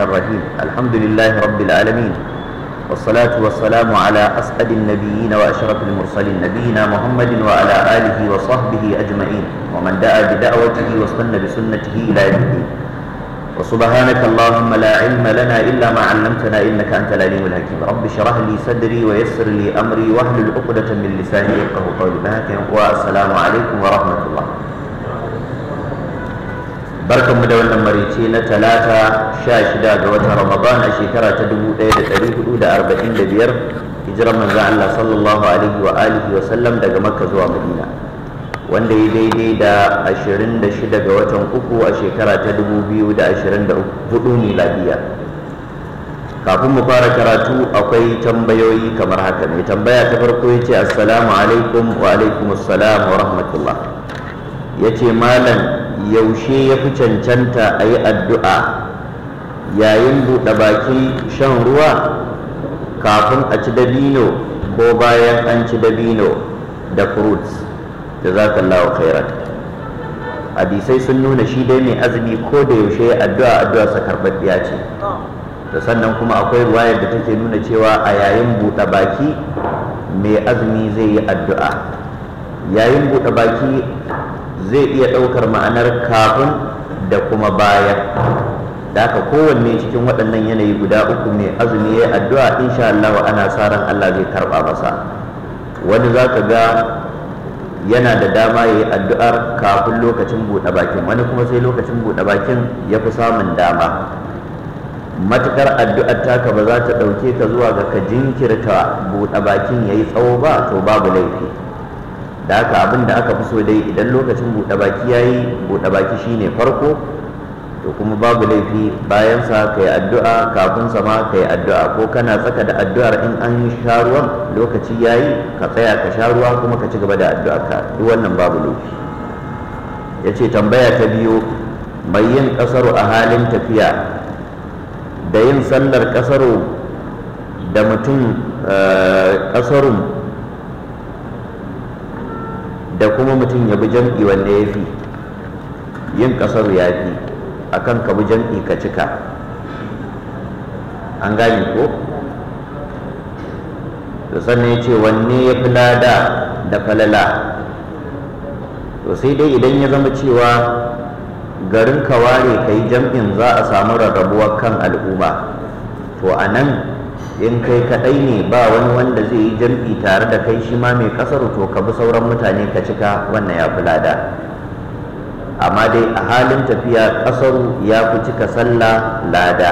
الرحمن الرحيم الحمد لله رب العالمين والصلاة والسلام على أسعد النبيين وأشرف المرسلين نبينا محمد وعلى آله وصحبه أجمعين ومن دعا بدعوته واستنى بسنته إلى يوم الدين وسبحانك اللهم لا علم لنا إلا ما علمتنا إنك أنت العليم الحكيم رب اشرح لي صدري ويسر لي أمري واحلل عقدة من لساني يفقهوا قولي والسلام عليكم ورحمة الله barkanmu da wannan marice na talata sha shida ga watan ramadan a shekara ta dubu ɗaya da ɗari hudu da arba'in da biyar hijirar manzan allah sallallahu alaihi wa alihi wa sallam daga makka zuwa madina wanda ya daidai da ashirin da shida ga watan uku a shekara ta dubu biyu da ashirin da hudu miladiya kafin mu fara karatu akwai tambayoyi kamar haka mai tambaya ta farko ya ce assalamu alaikum wa alaikum assalam wa rahmatullah ya ce malam yaushe ya fi cancanta a yi addu'a yayin buɗe baki shan ruwa kafin a ci dabino ko bayan an ci dabino da fruits da za ka lawa khairat hadisai sun nuna shi dai mai azumi ko da yaushe ya addu'a addu'a sa karɓaɓɓiya ce da sannan kuma akwai ruwayar da take nuna cewa a yayin buɗe baki mai azumi zai yi addu'a yayin buɗe baki zai iya ɗaukar ma'anar kafin da kuma baya da aka kowanne cikin waɗannan yanayi guda uku mai azumi ya yi addu'a insha Allah ana sa ran Allah zai karɓa masa wani za ka ga yana da dama ya yi addu'ar kafin lokacin buɗe bakin wani kuma sai lokacin buɗe bakin ya fi samun dama matukar addu'ar taka ba za ta ɗauke ka zuwa ga ka jinkirta buɗe bakin ya yi tsawo ba to babu laifi da aka abin da aka fi so dai idan lokacin buɗe baki ya yi buɗe baki shi ne farko to kuma babu laifi bayan sa ka yi addu'a kafin sa ma ka yi addu'a ko kana tsaka da addu'ar in an sha sharuwan lokaci ya yi ka tsaya ka sha ruwa kuma ka ci gaba da addu'a ka duk wannan babu laifi ya ce tambaya ta biyu mai yin ƙasaro a halin tafiya da yin sallar ƙasaro da mutum eh, ƙasarun da kuma mutum ya bi jam'i wanda ya fi yin kasar ya fi a kan ka bi jam'i ka cika an gane ko da sannan ya ce wanne ya fi lada da falala to sai dai idan ya zama cewa garin ka ware ka yi jam'in za a samu rarrabuwar kan al'umma to a nan in kai kaɗai ne ba wani wanda zai yi jam'i tare da kai shi ma mai kasar to ka bi sauran mutane ka cika wannan ya fi lada amma dai a halin tafiya ƙasar ya fi cika sallah lada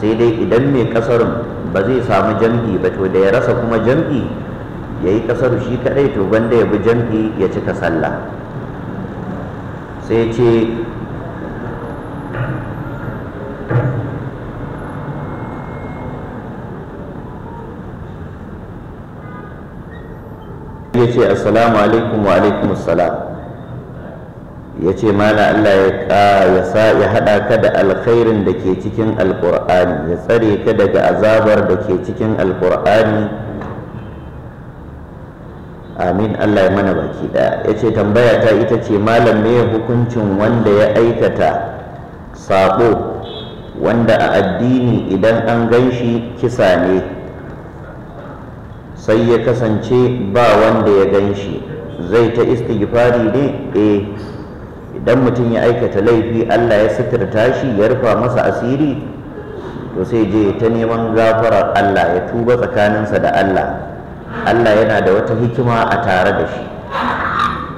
sai dai idan mai ƙasar ba zai samu jam'i ba to da ya rasa kuma jam'i ya yi ƙasar shi kaɗai to gwanda ya bi jam'i ya cika sallah sai ce ya ce assalamu alaikum wa alaikum assalam ya ce mana Allah ya haɗa ka da alkhairin da ke cikin alkur'ani ya tsare ka daga azabar da ke cikin alkur'ani amin Allah ya mana baki ɗaya ya ce tambaya ta ita ce malam me hukuncin wanda ya aikata saƙo wanda a addini idan an gan shi kisa ne sai ya kasance ba wanda ya gan shi zai ta istighfari ne eh idan mutum ya aikata laifi Allah ya suturta shi ya rufa masa asiri to sai je ta neman gafarar Allah ya tuba tsakaninsa da Allah Allah yana da wata hikima a tare da shi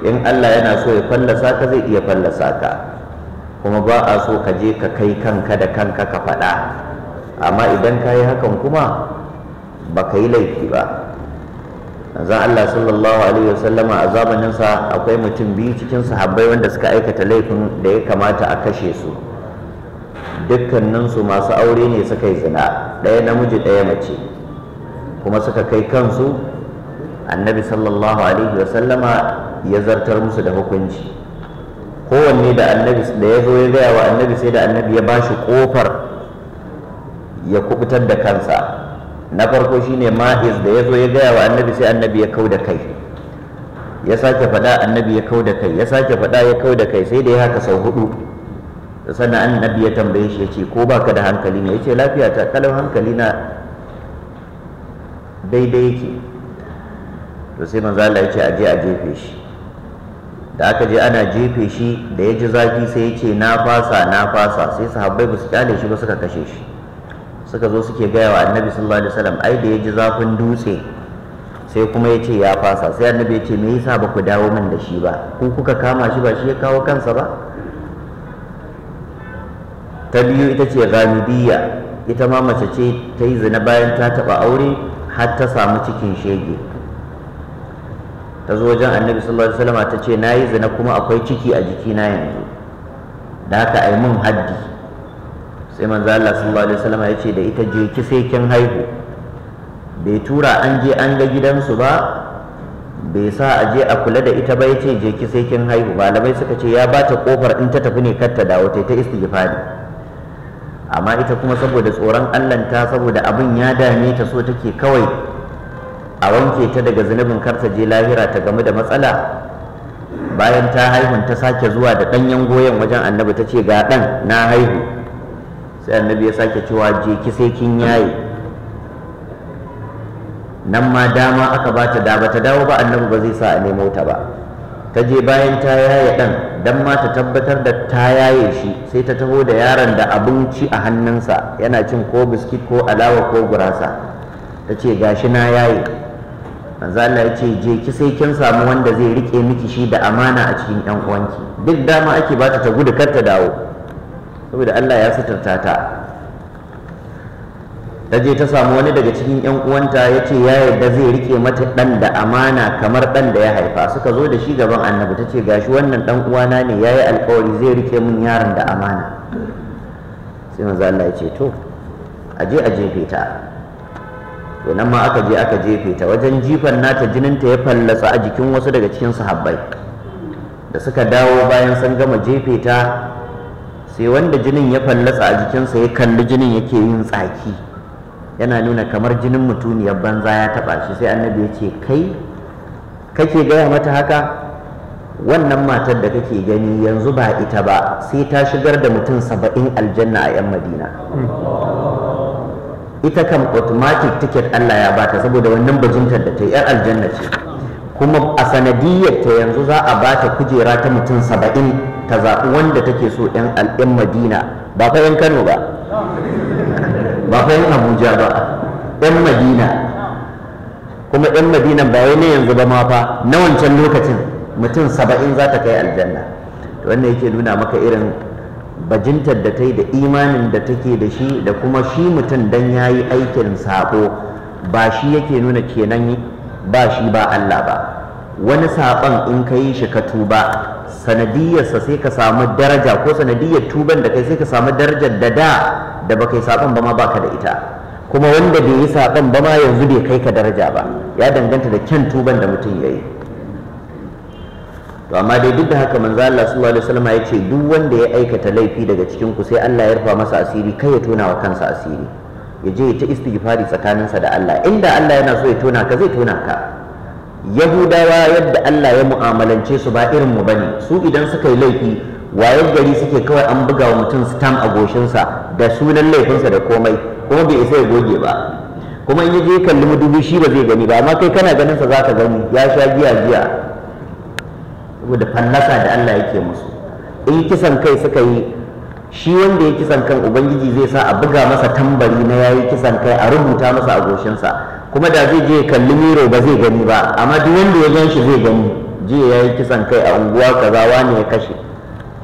in Allah yana so ya fallasa ka zai iya fallasa ka kuma ba a so ka je ka kai kanka da kanka ka faɗa amma idan ka yi hakan kuma ba ka yi laifi ba manzon Allah sallallahu alaihi wasallama a zamanin sa akwai mutum biyu cikin sahabbai wanda suka aikata laifin da ya kamata a kashe su dukkanin masu aure ne suka yi zina ɗaya namiji ɗaya mace kuma suka kai kansu annabi sallallahu alaihi wasallama ya zartar musu da hukunci kowanne da annabi da ya zo ya gaya wa annabi sai da annabi ya ba shi kofar ya kubutar da kansa na farko shine ma'iz da ya zo ya gaya wa annabi sai annabi ya kau da kai ya sake faɗa annabi ya kau da kai ya sake faɗa ya kau da kai sai da ya haka sau hudu sannan annabi ya tambaye shi ya ce ko baka da hankali ne ya ce lafiya ta kalau hankali na daidai yake to sai manzo Allah ya ce aje a jefe shi da aka je ana jefe shi da ya ji zafi sai ya ce na fasa na fasa sai sahabbai ba su kyale shi ba suka kashe shi suka zo suke gaya wa annabi sallallahu alaihi wasallam ai da ya ji zafin dutse sai kuma yace ya fasa sai annabi yace ce me yasa ba ku dawo min da shi ba ku kuka kama shi ba shi ya kawo kansa ba ta biyu ita ce ghamidiyya ita ma mace ce ta yi zina bayan ta taɓa aure har ta samu cikin shege ta zo wajen annabi sallallahu alaihi wasallam ta ce na yi zina kuma akwai ciki a jikina yanzu da haka ai mun haddi sai manzo Allah sallallahu alaihi wasallam ya ce da ita je ki sai kin haihu bai tura an je an ga gidansu ba bai sa a je a kula da ita ba ya ce je ki sai kin haihu malamai suka ce ya bata kofar in ta tafi ne kar ta dawo ta istighfari amma ita kuma saboda tsoron Allah ta saboda abin ya dame ta so take kawai a wanke ta daga zunubin kar ta je lahira ta gamu da matsala bayan ta haihun ta sake zuwa da ɗanyen goyon wajen annabi ta ce ga ɗan na haihu sai annabi ya sake cewa je ki sai kin yaye nan ma dama aka ba ta da ta dawo ba annabi ba zai sa a nemo ta ba ta je bayan ta yaye dan dan ma ta tabbatar da ta yaye shi sai ta taho da yaron da abinci a hannunsa yana cin ko biskit ko alawa ko gurasa ta ce gashi na yaye manzo Allah ya ce je ki sai kin samu wanda zai rike miki shi da amana a cikin yan uwanki duk dama ake ba ta ta gudu kar ta dawo saboda Allah ya suturta ta ta je ta samu wani daga cikin yan uwanta ya ce ya yarda zai rike mata ɗan da amana kamar ɗan da ya haifa suka zo da shi gaban annabi ta ce gashi wannan ɗan uwana ne ya yi alkawari zai rike mun yaron da amana sai manzo Allah ya ce to a je a jefe ta to nan ma aka je aka jefe ta wajen jifan nata jinin ta ya fallasa a jikin wasu daga cikin sahabbai da suka dawo bayan sun gama jefe ta sai wanda jinin ya fallasa a jikinsa ya kalli jinin yake yin tsaki yana nuna kamar jinin mutuniyar banza ya taɓa shi sai annabi ya ce kai kake gaya mata haka wannan matar da kake gani yanzu ba ita ba sai ta shigar da mutum saba'in aljanna a 'yan madina ita kan automatic ticket allah ya bata saboda wannan bajintar da ta yi 'yan aljanna ce kuma a sanadiyarta ta yanzu za a ba ta kujera ta mutum saba'in ta zaɓi wanda take so yan al'in madina ba fa yan kano ba ba fa yan abuja ba yan madina kuma yan madina ba wai ne yanzu ba ma fa na wancan lokacin mutum saba'in za ta kai aljanna wannan yake nuna maka irin bajintar da ta yi da imanin da take da shi da kuma shi mutum dan ya yi aikin saƙo ba shi yake nuna kenan ba shi ba Allah ba wani saɓan in ka yi shi ka tuba sanadiyarsa sai ka samu daraja ko sanadiyar tuban da kai sai ka samu darajar da da da baka yi saban ba ma baka da ita kuma wanda bai yi saɓan ba ma yanzu bai kai ka daraja ba ya danganta da kyan tuban da mutum ya yi to amma dai duk da haka manzo Allah sallallahu alaihi wasallam ya ce duk wanda ya aikata laifi daga cikin ku sai Allah ya rufa masa asiri kai ya tona wa kansa asiri ya je ya ta istighfari tsakaninsa da Allah inda Allah yana so ya tona ka zai tona ka yahudawa yadda allah ya mu'amalance su ba irin mu bane su idan suka yi laifi wayar gari suke kawai an buga wa mutum stam a goshinsa da sunan laifinsa da komai kuma bai isa ya goge ba kuma in je kalli madubi shi ba zai gani ba amma kai kana ganin sa zaka gani ya sha giya giya saboda fallasa da Allah yake musu in kisan kai suka yi shi wanda ya kisan kan ubangiji zai sa a buga masa tambari na yayi kisan kai a rubuta masa a goshinsa kuma da zai je kalli miro ba zai gani ba amma duk wanda ya gan shi zai gani jiya ya yi kisan kai a unguwa kaza ne ya kashe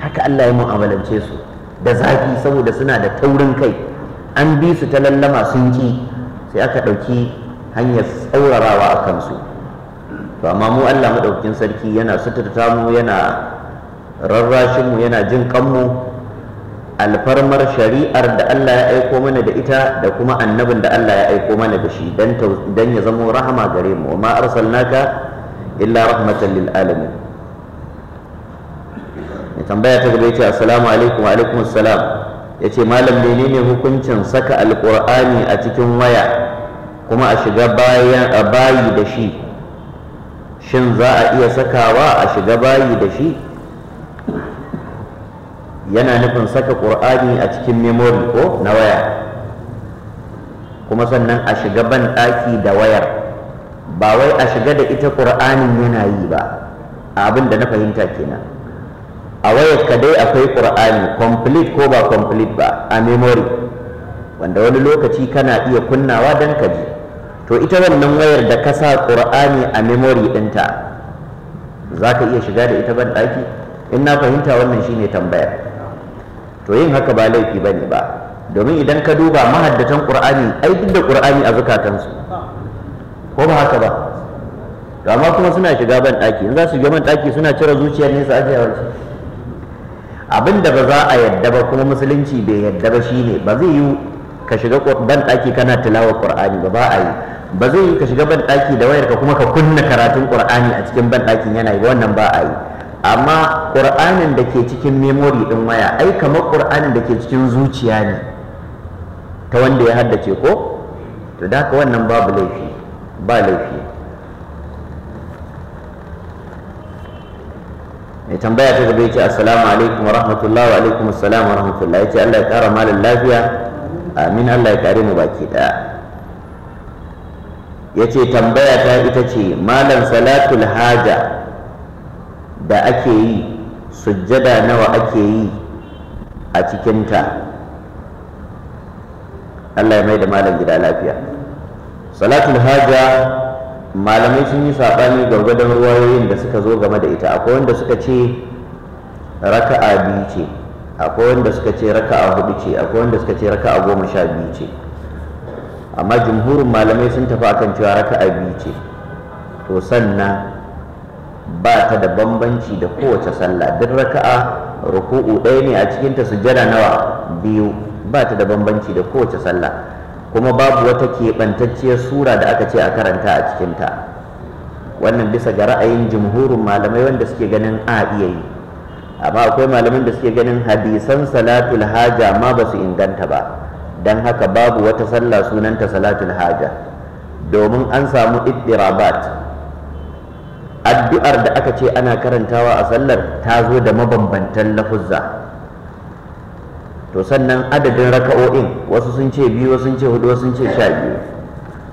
haka Allah ya mu'amalance su da zafi saboda suna da taurin kai an bi su ta lallama sun ki sai aka ɗauki hanyar tsaurarawa a kansu to amma mu Allah maɗaukin sarki yana suturta mu yana rarrashin mu yana jin kanmu alfarmar shari'ar da Allah ya aiko mana da ita da kuma annabin da Allah ya aiko mana da shi don ya zamo rahama gare mu wa ma arsalnaka illa rahmatan lil alamin mai tambaya ta gaba yace assalamu alaikum wa alaikum assalam yace malam menene hukuncin saka alqur'ani a cikin waya kuma a shiga bayan a bayi da shi shin za a iya sakawa a shiga bayi da shi yana nufin saka ƙur'ani a cikin memory ko na waya kuma sannan a shiga ban ɗaki da wayar ba wai a shiga da ita ƙur'anin yana yi ba abin da na fahimta kenan a wayar ka dai akwai ƙur'ani complete ko ba complete ba a memory wanda wani lokaci kana iya kunnawa don ka ji to ita wannan wayar da ka sa ƙur'ani a memory ɗinta za ka iya shiga da ita ban ɗaki in na fahimta wannan shine tambayar to yin haka ba laifi bane ba domin idan ka duba mahaddatan qur'ani aikin da qur'ani a zukatansu ko ba haka ba to amma kuma suna shiga ban daki in za su shiga ban daki suna cire zuciyar ne su ajiye abin da ba za a yadda ba kuma musulunci bai yadda ba shine ba zai yi ka shiga ban daki kana tilawa qur'ani ba ba a yi ba zai yi ka shiga ban daki da wayar ka kuma ka kunna karatun qur'ani a cikin ban dakin yana yi wannan ba a yi amma ƙur'anin da ke cikin memori ɗin waya ai kamar ƙur'anin da ke cikin zuciya ne ta wanda ya haddace ko to da haka wannan babu laifi ba laifi mai tambaya ta gaba ce assalamu alaikum wa rahmatullahi wa alaikum assalam wa rahmatullahi ya ce Allah ya kara malin lafiya amin Allah ya kare mu baki daya ya ce tambaya ta ita ce malam salatul haja da ake yi sujjada nawa ake yi a cikinta Allah ya mai da malam gida lafiya salatul haja malamai sun yi saɓani gwargwadon ruwayoyin da suka zo game da ita akwai wanda suka ce raka'a biyu ce akwai wanda suka ce raka'a hudu ce akwai wanda suka ce raka'a goma sha biyu ce amma jumhurin malamai sun tafi akan cewa raka'a biyu ce to sannan ba ta da bambanci da kowace sallah duk raka'a ruku'u ɗaya ne a cikinta sujjada nawa biyu ba ta da bambanci da kowace sallah kuma babu wata keɓantacciyar sura da aka ce a karanta a cikin ta. wannan bisa ga ra'ayin jumhurin malamai wanda suke ganin a iya yi amma akwai malaman da suke ganin hadisan salatul haja ma ba su inganta ba don haka babu wata sallah sunanta salatul haja domin an samu iddirabat addu'ar da aka ce ana karantawa a sallar ta zo da mabambantan lafuzza to sannan adadin raka'o'in wasu sun ce biyu wasu sun ce hudu wasu sun ce sha biyu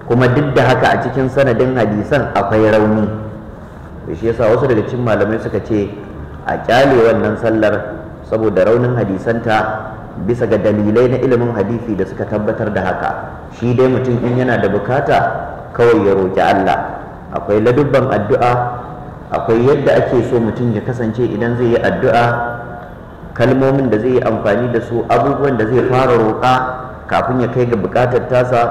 kuma duk da haka a cikin sanadin hadisan akwai rauni to shi yasa wasu daga cikin malamai suka ce a kyale wannan sallar saboda raunin hadisanta bisa ga dalilai na ilimin hadisi da suka tabbatar da haka shi dai mutum in yana da bukata kawai ya roƙi Allah akwai ladubban addu'a akwai yadda ake so mutum ya kasance idan zai yi addu'a kalmomin da zai yi amfani da su abubuwan da zai fara roƙa kafin ya kai ga buƙatar tasa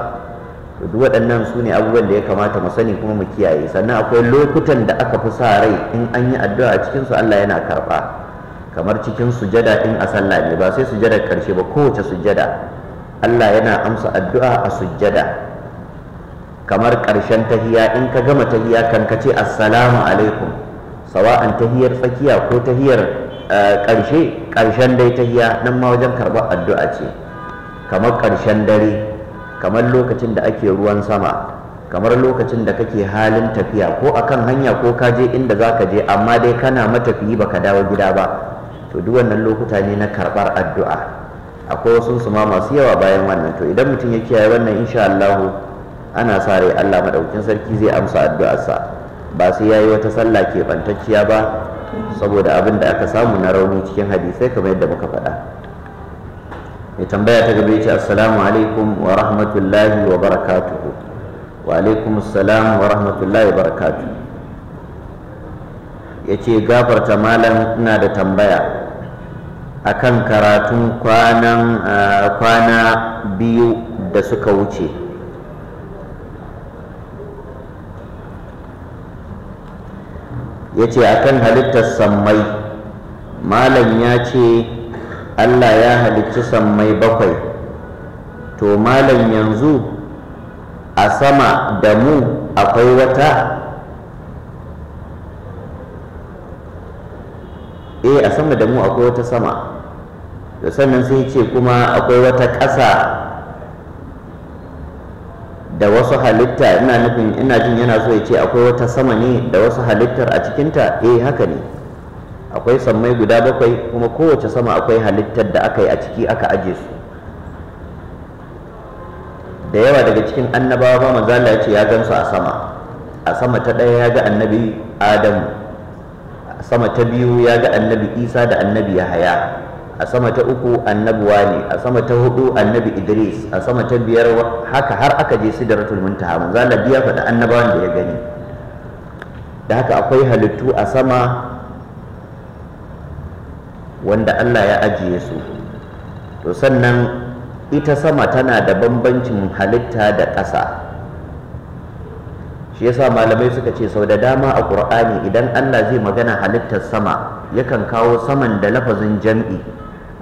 duk waɗannan su ne abubuwan da ya kamata mu sani kuma mu kiyaye sannan akwai lokutan da aka fi sa rai in an yi addu'a a cikin su Allah yana karɓa kamar cikin sujada in a sallah ne ba sai sujada karshe ba kowace sujada Allah yana amsa addu'a a sujada kamar ƙarshen tahiya in ka gama tahiya kan ka ce assalamu alaikum sawa'an tahiyar tsakiya ko tahiyar eh, ƙarshe ƙarshen dai tahiya nan ma wajen karɓar addu'a ce kamar ƙarshen dare kamar lokacin da ake ruwan sama kamar lokacin da kake halin tafiya ko akan hanya ko ka je inda za ka je amma dai kana matafiyi baka dawo gida ba to duk wannan lokuta ne na karɓar addu'a akwai wasu su ma masu yawa bayan wannan to idan mutum ya kiyaye wannan insha Allah ana sa rai Allah maɗaukin sarki zai amsa addu'arsa ba sai yayi wata sallah keɓantacciya ba saboda abin da aka samu na rauni cikin hadisai kamar yadda muka faɗa mai tambaya ta gaba ce assalamu alaikum wa rahmatullahi wa barakatuhu wa alaikum assalam wa rahmatullahi wa barakatuhu ya gafarta malam ina da tambaya akan karatun kwana biyu da suka wuce ya ce a kan halittar sammai malam ya ce allah ya halicci sammai bakwai to malam yanzu a sama da mu akwai wata eh a sama da mu akwai wata sama da sannan sai ce kuma akwai wata ƙasa da wasu halitta ina nufin ina jin yana so ya ce akwai wata sama ne da wasu halittar a cikinta eh haka ne akwai sammai guda bakwai kuma kowace sama akwai halittar da aka yi a ciki aka aje su da yawa daga cikin annabawa ba manzala ya ce ya gansu a sama a sama ta ɗaya ya ga annabi adamu a sama ta biyu ya ga annabi isa da annabi yahaya a sama ta uku annabi wani a sama ta hudu annabi idris a sama ta biyar haka har aka je sidratul muntaha manzo Allah biya faɗa annabawan da ya gani da haka akwai halittu a sama wanda Allah ya ajiye su to sannan ita sama tana da bambancin halitta da ƙasa shi yasa malamai suka ce sau da dama a ƙur'ani idan Allah zai magana halittar sama yakan kawo saman da lafazin jam'i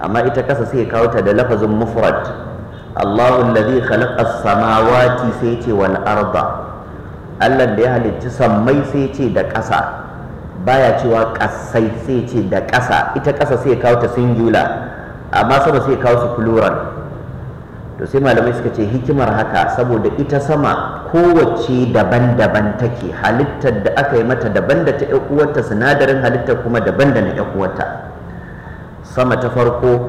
amma ita kasa sai kawo ta da lafazin mufrad Allahu allazi khalaqa as-samawati sai ce wal arda Allah da ya halicci sammai sai ce da ƙasa baya cewa ƙasai sai ce da ƙasa ita ƙasa sai kawo ta singular amma sama sai kawo su plural to sai malamai suka ce hikimar haka saboda ita sama kowace daban-daban take halittar da aka yi mata daban da ta uwarta sinadarin halittar kuma daban da na uwarta sama ta farko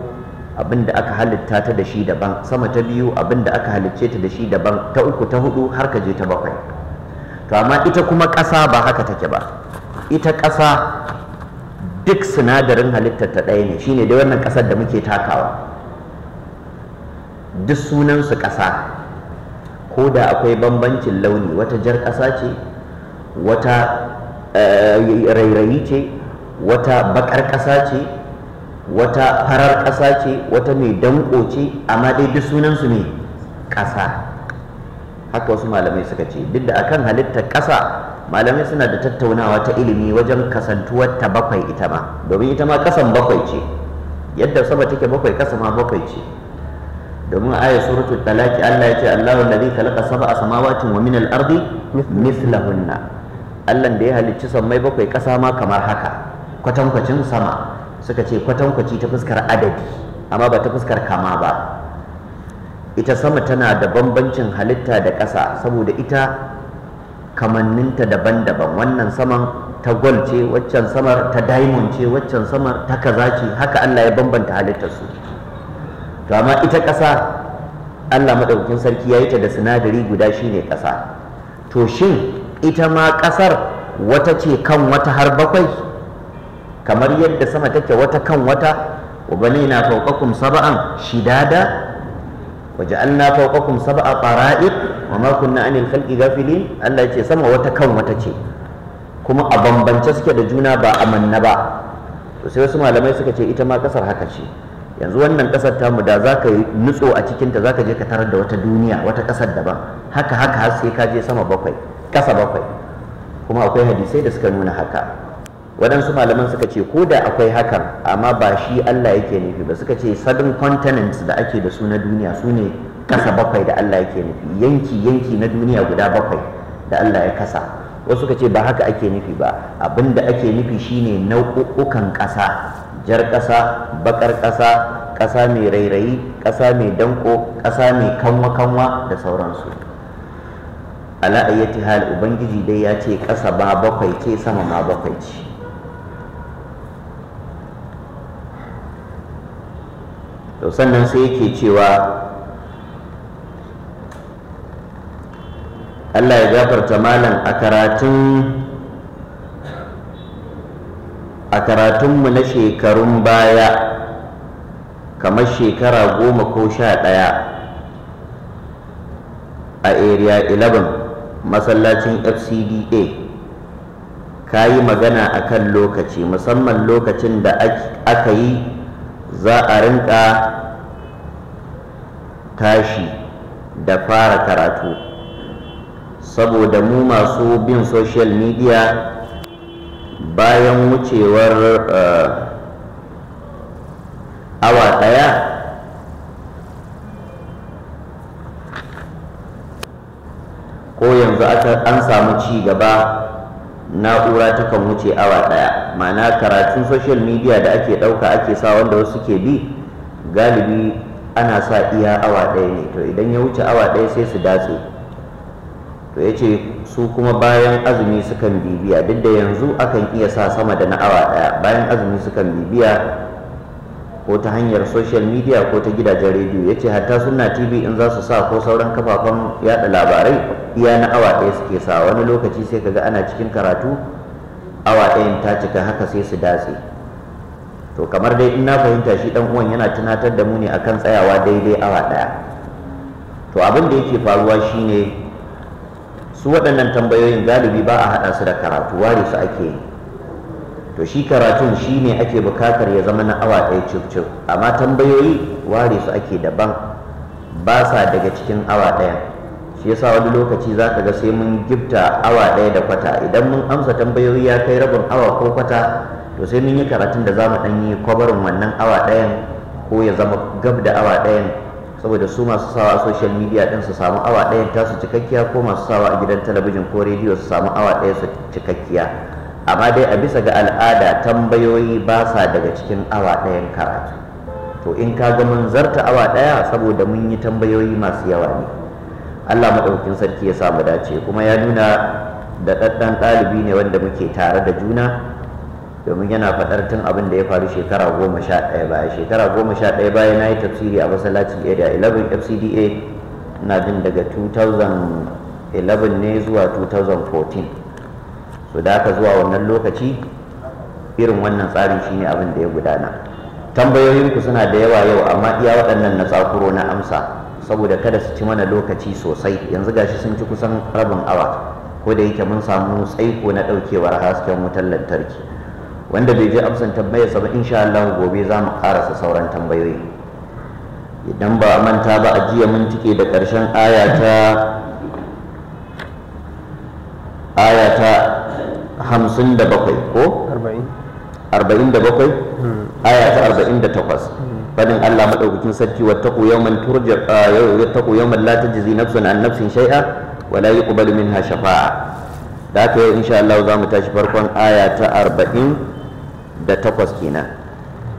abin aka halitta ta da shi daban sama ta biyu abin aka halicce ta da shi daban ta uku ta hudu har ka je ta bakwai to amma ita kuma ƙasa ba haka take ba ita ƙasa duk sinadarin halittar ta ɗaya ne shine dai wannan ƙasar da muke takawa duk sunansu ƙasa ko da akwai bambancin launi wata jar ƙasa ce wata eh, rairayi ce wata baƙar ƙasa ce wata farar ƙasa ce wata mai danko ce amma dai duk sunansu ne ƙasa haka wasu malamai suka ce duk da akan halittar ƙasa malamai suna da tattaunawa ta ilimi wajen kasantuwar ta bakwai ita ma domin ita ma kasan bakwai ce yadda sama take bakwai kasa ma bakwai ce domin aya suratul talaki Allah ya ce Allahu allazi khalaqa sab'a samawati wa min al-ardi mithlahunna Allah da ya halicci sammai bakwai kasa ma kamar haka kwatankwacin sama suka ce kwatankwaci ta fuskar adadi amma ba ta fuskar kama ba ita sama tana da bambancin halitta da ƙasa saboda ita kamanninta daban-daban wannan saman ta gwal ce waccan samar ta daimon ce waccan samar ta kaza ce haka Allah ya bambanta halittarsu to amma ita ƙasa Allah maɗaukin sarki ya yi ta da sinadari guda shi ne ƙasa to shin ita ma ƙasar wata ce kan wata har bakwai kamar yadda sama take wata kan wata wa na fawqakum sab'an shidada wa ja'alna fawqakum sab'a qara'iq wa ma kunna 'anil khalqi ghafilin Allah yace sama wata kan wata ce kuma a bambance suke da juna ba a manna ba to sai wasu malamai suka ce ita ma kasar haka ce yanzu wannan kasar ta mu da za ka nutso a cikinta za ka je ka tarar da wata duniya wata kasar daban haka haka har sai ka je sama bakwai kasa bakwai kuma akwai hadisai da suka nuna haka waɗansu malaman suka ce ko da akwai hakan amma ba shi Allah yake nufi ba suka ce sabin continents da ake da su na duniya su ne kasa bakwai da Allah yake nufi yanki yanki na duniya guda bakwai da Allah ya kasa wasu suka ce ba haka ake nufi ba abin da ake nufi shine nau'ukan kasa jar kasa bakar kasa kasa mai rairayi kasa mai danko kasa mai kanwa-kanwa da sauransu ala ayyati hal ubangiji dai ya ce kasa ba bakwai ce sama ma bakwai ce to sannan sai yake cewa Allah ya gafarta malam a karatun a karatunmu na shekarun baya kamar shekara goma ko sha ɗaya a area 11 masallacin fcda ka yi magana a kan lokaci musamman lokacin da aka yi za a rinka tashi da fara karatu saboda mu masu bin social media bayan wucewar eh, awa ɗaya ko yanzu an samu ci gaba na'ura takan wuce awa daya ma'ana karatun social media da ake ɗauka ake sa wanda wasu ke bi galibi ana sa iya awa daya ne to idan ya wuce awa daya sai su datse to ya ce su kuma bayan azumi sukan bibiya duk da yanzu akan iya sa sama da na awa daya bayan azumi sukan bibiya ko ta hanyar social media ko ta gidajen rediyo ya ce hatta suna tv in za su sa ko sauran kafafen yada labarai iya na awa ɗaya suke sa wani lokaci sai kaga ana cikin karatu awa ɗayan ta cika haka sai su datse to kamar dai in na fahimta shi dan uwan yana tunatar da mu ne akan tsayawa daidai awa ɗaya to abin da yake faruwa shine su waɗannan tambayoyin galibi ba a haɗa su da karatu ware su ake yi to shi karatun shi ne ake bukatar ya zama na awa ɗaya cif amma tambayoyi ware su ake daban ba sa daga cikin awa ɗaya shi yasa wani lokaci za ka ga sai mun gifta awa ɗaya da kwata idan mun amsa tambayoyi ya kai rabin awa ko kwata to sai mun yi karatun da za mu ɗan yi kwabarin wannan awa ɗayan ko ya zama gab da awa ɗayan saboda su masu sawa a social media ɗin su samu awa ɗayan tasu cikakkiya ko masu sawa a gidan talabijin ko rediyo su samu awa ɗaya su cikakkiya amma dai a bisa ga al'ada tambayoyi ba sa daga cikin awa ɗayan karatu to in ka ga mun zarta awa ɗaya saboda mun yi tambayoyi masu yawa ne allah maɗaukin sarki ya samu dace kuma ya nuna da ɗaɗɗan ɗalibi ne wanda muke tare da juna domin yana faɗar tun abin da ya faru shekara goma sha ɗaya baya shekara goma sha ɗaya baya na yi tafsiri a masallacin da 11 fcda na jin daga 2011 ne zuwa 2014 Su da aka zuwa wannan lokaci irin wannan tsarin shine abin da ya gudana tambayoyinku suna da yawa yau amma iya waɗannan na tsakuro na amsa saboda kada su ci mana lokaci sosai yanzu gashi sun ci kusan rabin awa ko da yake mun samu tsaiko na ɗaukewar hasken wutar lantarki wanda bai je amsan tambayar sa ba insha Allah gobe za mu karasa sauran tambayoyi idan ba a manta ba a jiya mun tike da ƙarshen ayata. ta hamsin da bakwai ko? arba'in da bakwai hmm. aya ta arba'in da takwas hmm. fadin Allah maɗaukakin sarki wattaku yawman turjar uh, yattaku yawman la tajzi nafsun an nafsin shay'a wa la yuqbalu minha shafa'a da haka yau insha Allah za mu tashi farkon aya ta arba'in da takwas kenan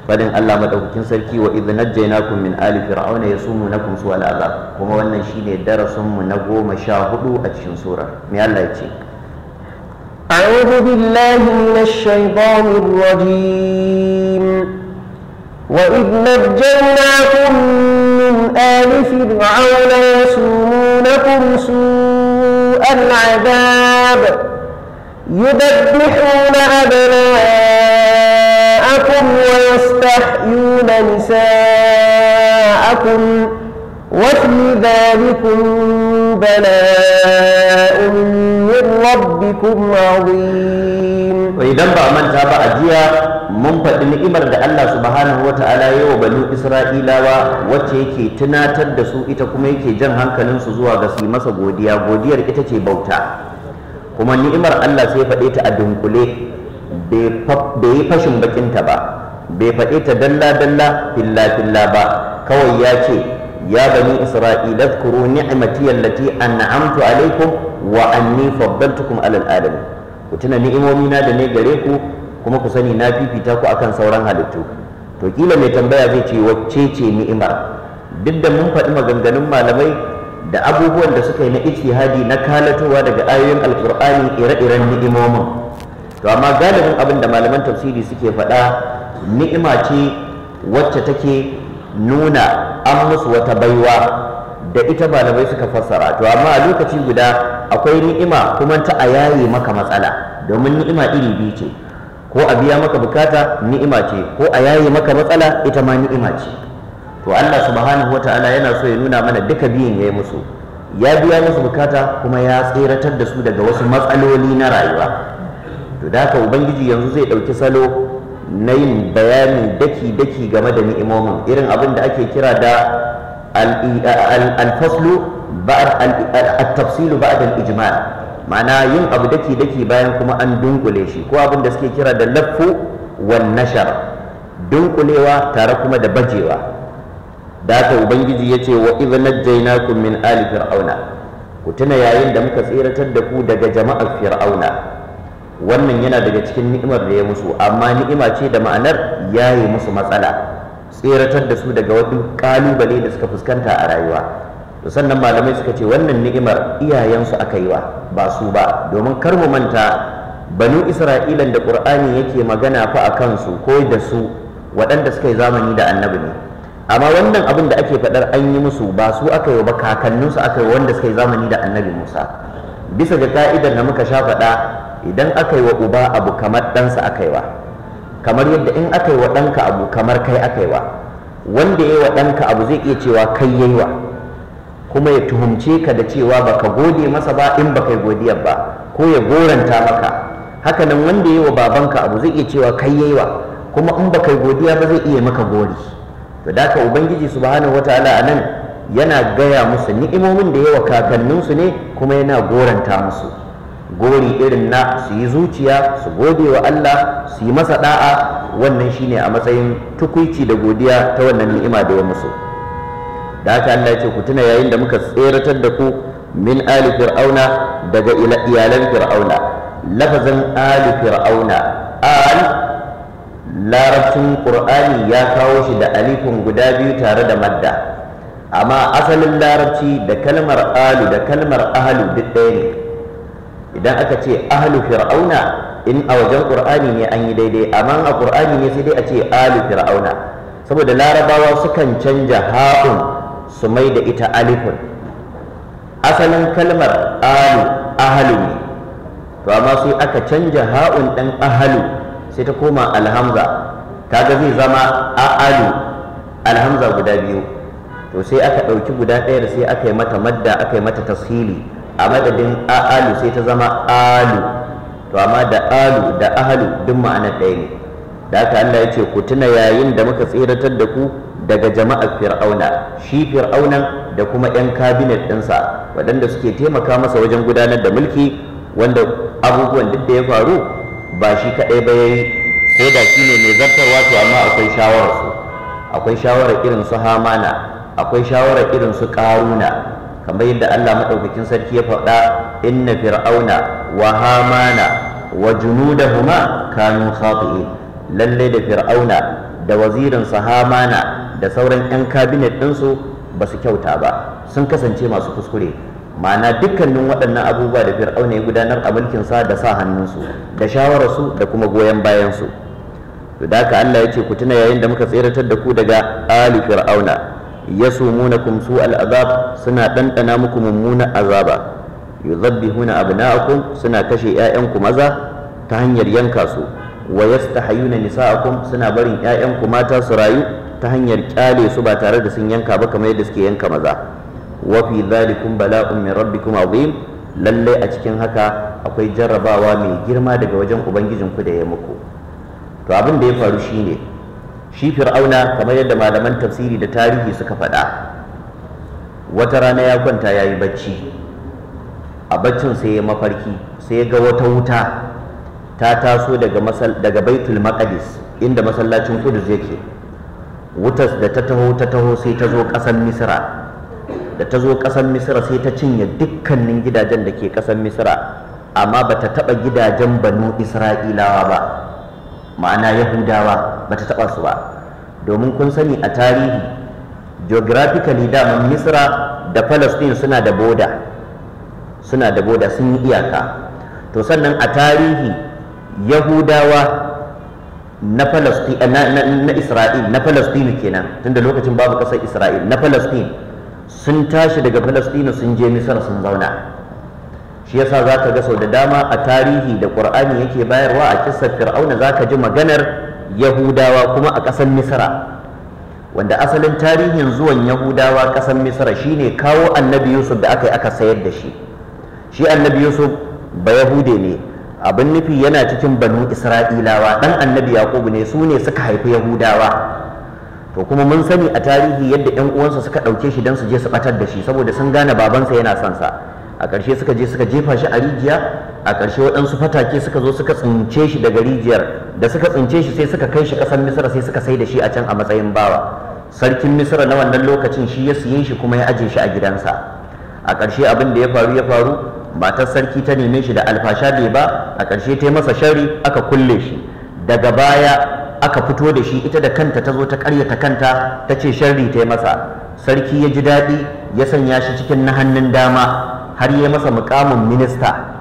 fadin Allah maɗaukakin sarki wa idh kun min ali fir'auna yasumunakum su'al azab kuma wannan shine darasin mu na goma sha hudu a cikin sura me Allah ya ce أعوذ بالله من الشيطان الرجيم وإذ نجيناكم من آل فرعون يسومونكم سوء العذاب يذبحون أبناءكم ويستحيون نساءكم وفي ذلكم بلاء ربكم عظيم manta ba تابع jiya mun faɗi ni'imar da Allah subhanahu wata'ala ya wa banu Isra'ilawa wacce yake tunatar da su ita kuma yake jan hankalin su zuwa ga su masa godiya godiyar ita ce bauta kuma ni'imar Allah sai faɗe ta a dunkule bai yi fashin bakinta ba bai faɗe ta dalla-dalla filla-filla ba kawai ya ce ya bani isra'ila zkuru ni'mati allati an'amtu alaikum wa anni faddaltukum alal alamin ku tuna ni'imomi na da ne gare ku kuma ku sani na fifita ku akan sauran halittu to kila mai tambaya zai ce wacce ce ni'ima duk da mun faɗi maganganun malamai da abubuwan da suka yi na hadi na kalatowa daga ayoyin alkur'ani ire-iren ni'imomin to amma galibin abin da malaman tafsiri suke faɗa ni'ima ce wacce take nuna an musu wata baiwa da ita malamai suka fassara to amma a lokaci guda akwai ni'ima kuma ta a yaye maka matsala domin ni'ima iri biyu ce ko a biya maka bukata ni'ima ce ko a yaye maka matsala ita ma ni'ima ce to Allah subhanahu wataala yana so ya nuna mana duka biyun ya yi musu ya biya musu bukata kuma ya tseratar da su daga wasu matsaloli na rayuwa to da haka ubangiji yanzu zai ɗauki salo na yin bayani daki-daki game da ni'imomin irin abin da ake kira da alfaslu tafsilu ba'da al-ijmal ma'ana yin abu daki-daki bayan kuma an dunkule shi ko abin da suke kira da laffu wan nashar dunkulewa tare kuma da bajewa da haka ubangiji ya ce wa idh najjaynakum min ali fir'auna ku tuna yayin da muka tsiratar da ku daga jama'ar fir'auna wannan yana daga cikin ni'imar da ya musu amma ni'ima ce da ma'anar ya yi musu matsala tseratar da su daga wani kalubale da suka fuskanta a rayuwa to sannan malamai suka ce wannan ni'imar iyayensu aka yi wa ba su ba domin kar mu manta banu isra'ilan da qur'ani yake magana fa a kansu ko da su waɗanda suka yi zamani da annabi ne amma wannan abin da ake faɗar an yi musu ba su aka yi ba kakanninsu aka yi wanda suka yi zamani da annabi musa bisa ga ka'idar da muka sha faɗa idan aka yi wa uba abu kamar ɗansa aka yi wa kamar yadda in aka yi wa ɗanka abu kamar kai aka yi wa wanda ya yi wa ɗanka abu zai iya cewa kai ya yi wa kuma ya tuhumce ka da cewa baka gode masa ba in baka yi godiyar ba ko ya goranta maka hakanan wanda ya yi wa babanka abu zai iya cewa kai ya yi wa kuma in baka yi godiya ba zai iya maka gori to da ubangiji subhanahu wataala a nan yana gaya musu ni'imomin da ya wa kakanninsu ne kuma yana goranta musu gori irin na su yi zuciya su gode wa Allah su yi masa da'a wannan shine a matsayin tukuici da godiya ta wannan ni'ima da ya musu da haka Allah ce ku tuna yayin da muka tseratar da ku min ali fir'auna daga iyalan fir'auna lafazin ali fir'auna al larabcin qur'ani ya kawo shi da alifin guda biyu tare da madda amma asalin larabci da kalmar alu da kalmar ahalu duk ɗaya ne idan aka ce ahlu fir'auna in a wajen ƙur'ani ne an yi daidai amma a ƙur'ani ne sai dai a ce alu fir'auna saboda larabawa sukan canja ha'un su mai da ita alifun asalin kalmar alu ahalu ne to amma sai aka canja ha'un ɗan ahalu sai ta koma alhamza ta ga zai zama a'alu alhamza guda biyu to sai aka ɗauki guda ɗaya da sai aka yi mata madda aka yi mata tashili a madadin a'alu sai ta zama alu to amma da alu da ahalu duk ma'anar ɗaya ne da haka Allah ya ce ku tuna yayin da muka tseratar da ku daga jama'ar fir'auna shi fir'aunan da kuma 'yan kabinet ɗinsa waɗanda suke taimaka masa wajen gudanar da mulki wanda abubuwan duk da ya faru ba shi kaɗai ba ya yi ko da shi ne mai zartar wato amma akwai shawararsu akwai shawarar irin su hamana akwai shawarar irin su ƙaruna kamar yadda Allah maɗaukakin sarki ya faɗa inna fir'auna wa hamana wa junudahuma kanu khati'i lalle da fir'auna da wazirin sa hamana da sauran yan kabinet ɗinsu ba su kyauta ba sun kasance masu kuskure ma'ana dukkanin waɗannan abubuwa da fir'auna ya gudanar a mulkin sa da sa hannunsu da shawararsu da kuma goyon bayansu to da Allah ya ce ku tuna yayin da muka tseratar da ku daga ali fir'auna yasumunakum su al'azab suna ɗanɗana muku mummunan azaba yuzabbihuna abna'akum suna kashe 'ya'yanku maza ta hanyar yanka su wa nisa nisa'akum suna barin 'ya'yanku mata su rayu ta hanyar ƙyale su ba tare da sun yanka ba kamar yadda suke yanka maza wa fi dhalikum bala'un min rabbikum azim lallai a cikin haka akwai jarrabawa mai girma daga wajen ubangijinku da ya muku to abin da ya faru shine shi fir'auna kamar yadda malaman tafsiri da tarihi suka faɗa wata rana ya kwanta ya yi bacci a baccin sai ya mafarki sai ya ga wata wuta ta taso daga baitul maqdis inda masallacin kudus yake wutas da ta taho ta taho sai ta zo ƙasar misira da ta zo ƙasar misira sai ta cinye dukkanin gidajen da ke ƙasar misira amma ba ta taɓa gidajen banu isra'ilawa ba ma'ana yahudawa ba ta taɓa su ba domin kun sani a tarihi geographically dama misra da palestine suna da boda suna da boda sun yi iyaka to sannan a tarihi yahudawa na Palestine eh, na, na, Isra'il na Palestine kenan tunda lokacin babu ƙasar Isra'il na Palestine sun tashi daga Palestine sun je misra sun zauna shi yasa za ka ga sau da dama a tarihi da ƙur'ani yake bayarwa a kisar fir'auna za ka ji maganar yahudawa kuma a ƙasar misra wanda asalin tarihin zuwan yahudawa ƙasar misra shine kawo annabi yusuf da aka yi aka sayar da shi shi annabi yusuf ba yahude ne abin nufi yana cikin banu isra'ilawa ɗan annabi yaƙubu ne su ne suka haifi yahudawa to kuma mun sani a tarihi yadda 'yan uwansa suka ɗauke shi don su je su ɓatar da shi saboda sun gane babansa yana son sa a ƙarshe suka je suka jefa shi a rijiya a ƙarshe waɗansu fatake suka zo suka tsince shi daga rijiyar da suka tsince shi sai suka kai shi ƙasar misira sai suka sai da shi a can a matsayin bawa sarkin misira na wannan lokacin shi ya siye shi kuma ya aje shi a gidansa a ƙarshe abin da ya faru ya faru matar sarki ta neme shi da alfasha bai ba a ƙarshe ta yi masa shari aka kulle shi daga baya aka fito da shi ita da kanta ta zo ta ƙaryata kanta ta ce sharri ta yi masa sarki ya ji daɗi ya sanya shi cikin na hannun dama har yi masa mukamin minista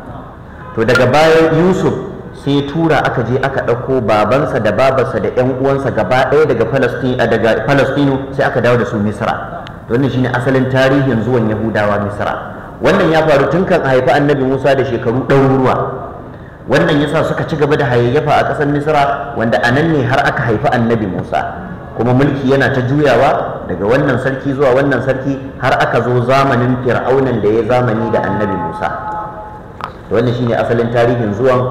to daga bayan yusuf sai tura aka je aka ɗauko babansa da babarsa da 'yan uwansa gaba ɗaya daga falastinu sai aka dawo da su misra wannan shine asalin tarihin zuwan yahudawa misra wannan ya faru tun kan haifi annabi musa da shekaru ɗaruruwa wannan yasa suka ci gaba da hayayyafa a ƙasar misra wanda a nan ne har aka haifi annabi musa kuma mulki yana ta juyawa daga wannan sarki zuwa wannan sarki har aka zo zamanin fir'aunan da ya zamani da annabi musa wannan shine asalin tarihin zuwan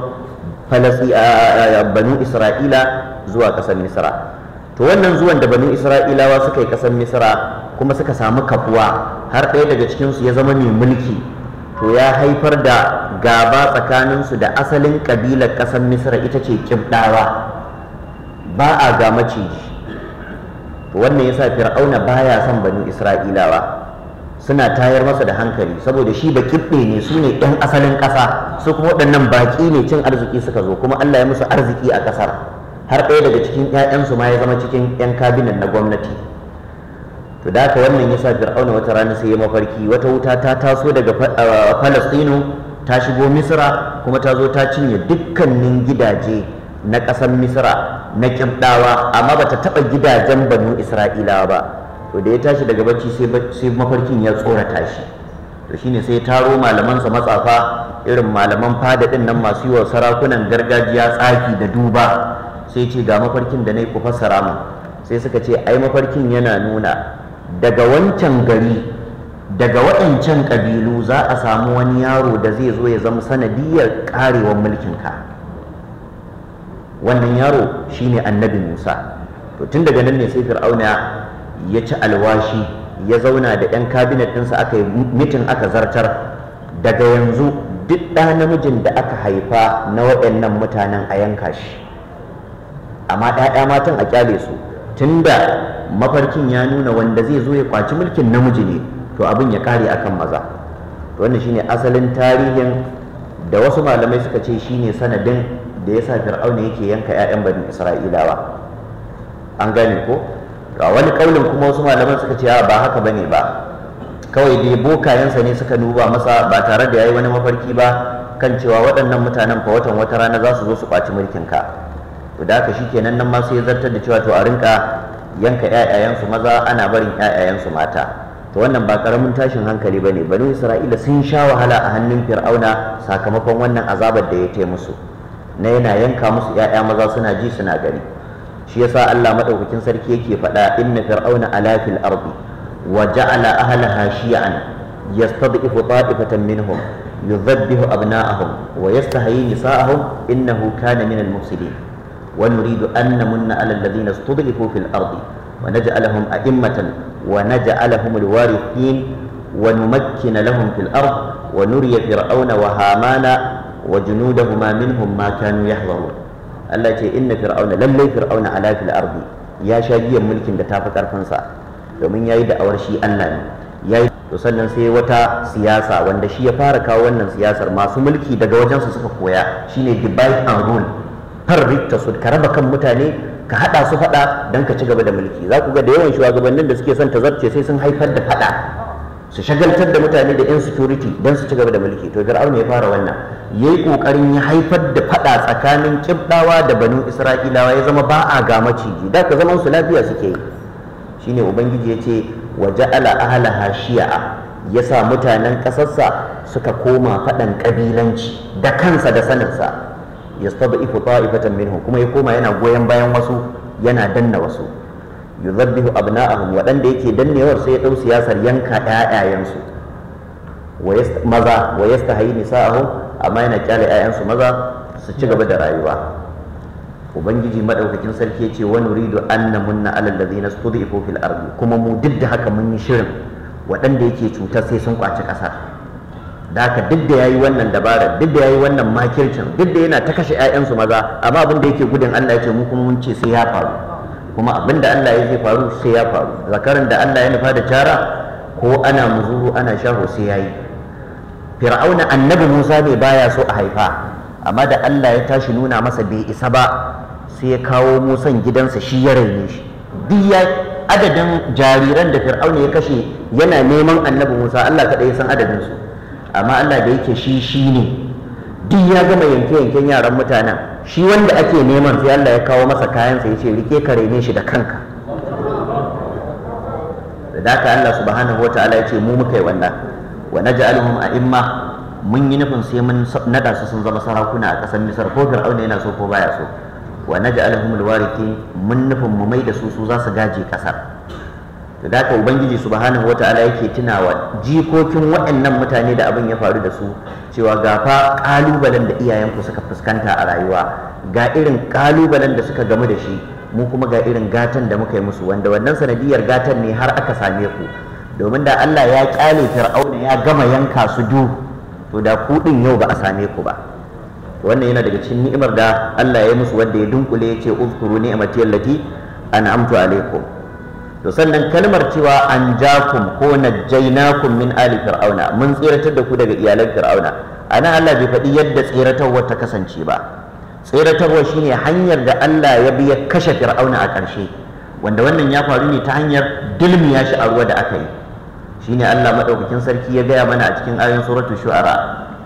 banu isra'ila zuwa ƙasar misra to wannan zuwan da banu isra'ilawa suka yi ƙasar misra kuma suka samu kafuwa har ɗaya daga cikinsu ya zama mai mulki to ya haifar da gaba tsakaninsu da asalin ƙabilar ƙasar misra ita ce ƙibɗawa ba a ga maciji wannan yasa fir'auna baya son bani isra'ilawa suna tayar masa da hankali saboda shi ba kibbe ne su ne ɗan asalin ƙasa su kuma waɗannan baƙi ne cin arziki suka zo kuma Allah ya musu arziki a ƙasar har ɗaya daga cikin 'ya'yansu ma ya zama cikin 'yan kabinan na gwamnati to da haka wannan sa fir'auna wata rana sai ya mafarki wata wuta ta taso daga falastinu ta shigo misira kuma ta zo ta cinye dukkanin gidaje na ƙasar misira. na ƙibɗawa amma ba ta taɓa gidajen banu isra'ilawa ba to da ya tashi daga bacci sai mafarkin ya tsorata shi to shine sai ya taro malamansa matsafa irin malaman fadaɗin nan masu yi wa sarakunan gargajiya tsaki da duba sai ce ga mafarkin da na yi ku fassara mu sai suka ce ai mafarkin yana nuna daga wancan gari daga waɗancan ƙabilu za a samu wani yaro da zai zo ya zama sanadiyar ƙarewar ka. wannan yaro shine annabi Musa to tun daga nan ne sai Fir'auna ya ci alwashi ya zauna da 'yan kabinet ɗinsa aka yi mitin aka zartar daga yanzu duk ɗa namijin da aka haifa na waɗannan mutanen a yanka shi amma ɗaya matan a kyale su tunda mafarkin ya nuna wanda zai zo ya kwaci mulkin namiji ne to abin ya kare akan maza to wannan shine asalin tarihin da wasu malamai suka ce shine sanadin da ya yasa fir'auna yake yanka 'ya'yan bani isra'ilawa an gane ko a wani kaulin kuma wasu malaman suka ce ba haka bane ba kawai dai bokayensa ne suka nuba masa ba tare da yayi wani mafarki ba kan cewa waɗannan mutanen fa watan wata rana za su zo su kwaci mulkin ka to da haka shikenan nan ma sai ya zartar da cewa to a rinka yanka su maza ana barin su mata to wannan ba karamin tashin hankali bane ne bani isra'ila sun sha wahala a hannun fir'auna sakamakon wannan azabar da ya taimusu musu na yana yanka musu ƴaƴa maza suna ji suna gani shi yasa Allah madaukakin sarki yake fada inna fir'auna ala fil ardi wa ja'ala ahlaha shi'an yastad'ifu ta'ifatan minhum yudhabbihu abna'ahum wa yastahyi nisa'ahum innahu kana min al-mufsidin wa nuridu an namunna ala alladhina istud'ifu fil ardi wa naj'alahum a'immatan wa naj'alahum al-warithin wa ونمكن لهم في الأرض ونري فرعون وهامان wa da humamin ma kanu yahzarun Allah ce inna fir'auna lallai fir'auna ala fil ardi ya sha giyan mulkin da tafi karfin sa domin yayi da'awar shi Allah ne yayi to sannan sai wata siyasa wanda shi ya fara kawo wannan siyasar masu mulki daga wajen su suka koya shine divide and rule farrik tasud ka raba kan mutane ka haɗa su faɗa don ka ci gaba da mulki za ku ga da yawan shugabannin da suke son ta sai sun haifar da faɗa su shagaltar da mutane da insecurity don su ci gaba da mulki to fir'auna ya fara wannan yayi kokarin ya haifar da fada tsakanin kibdawa da banu isra'ilawa ya zama ba a ga maciji da ka zaman su lafiya suke yi shine ubangiji ya ce wa ja'ala ahlaha shi'a ya sa mutanen kasarsa suka koma fadan kabilanci da kansa da saninsa yastabi'u ta'ifatan minhu kuma ya koma yana goyon bayan wasu yana danna wasu yuzabbihu abna'ahum waɗanda yake dannewar sai ya ɗau siyasar yanka ƴaƴayensu maza wa yastahayi nisa'ahum amma yana kyale ƴaƴansu maza su ci gaba da rayuwa ubangiji madaukakin sarki yace wa nuridu anna munna alal ladina stud'ifu fil ardi kuma mu duk da haka mun yi shirin waɗanda yake cutar sai sun kwaci ƙasar da haka duk da yayi wannan dabara duk da yayi wannan makircin duk da yana ta kashe ƴaƴansu maza amma abin da yake gudun Allah yace mu kuma mun ce sai ya faru kuma abin da Allah ya zai faru sai ya faru zakarin da Allah ya nufa da cara ko ana muzuru ana shaho sai ya yi fir'auna annabi musa ne baya so a haifa amma da Allah ya tashi nuna masa bai isa ba sai ya kawo musan gidansa shi ya raine shi duk ya adadin jariran da fir'auna ya kashe yana neman annabi musa Allah kaɗai ya san adadinsu amma Allah da yake shi shi ne duk ya gama yanke yanken yaran mutanen shi wanda ake neman sai Allah ya kawo masa kayan sai ya ce rike ka reme shi da kanka da daka Allah subhanahu wataala ya ce mu muka yi wannan wa naj'aluhum a'imma mun yi nufin sai mun nada su sun zama sarakuna a ƙasar Misar ko auna yana so ko baya so wa naj'aluhum alwarithin mun nufin mu mai da su su za su gaje ƙasar da daga ubangiji subhanahu wata'ala yake tunawa jikokin waɗannan mutane da abin ya faru da su cewa ga fa ƙalubalen da iyayenku suka fuskanta a rayuwa ga irin kalubalen da suka gamu da shi mu kuma ga irin gatan da muka yi musu wanda wannan sanadiyar gatan ne har aka same ku domin da Allah ya kyale fir'auna ya gama yanka su du to da ku din yau ba a same ku ba wannan yana daga cikin ni'imar da Allah ya yi musu wanda ya dunkule ya ce uzkuru ni'mati allati an'amtu alaikum to sannan kalmar cewa an jakum ko najjainakum min ali fir'auna mun tsiratar da ku daga iyalan fir'auna a ana Allah bai faɗi yadda tsiratarwar ta kasance ba tsiratarwar shine hanyar da Allah ya bi ya kashe fir'auna a ƙarshe wanda wannan ya faru ne ta hanyar ya shi a ruwa da aka yi shine Allah madaukakin sarki ya gaya mana a cikin ayoyin suratul shu'ara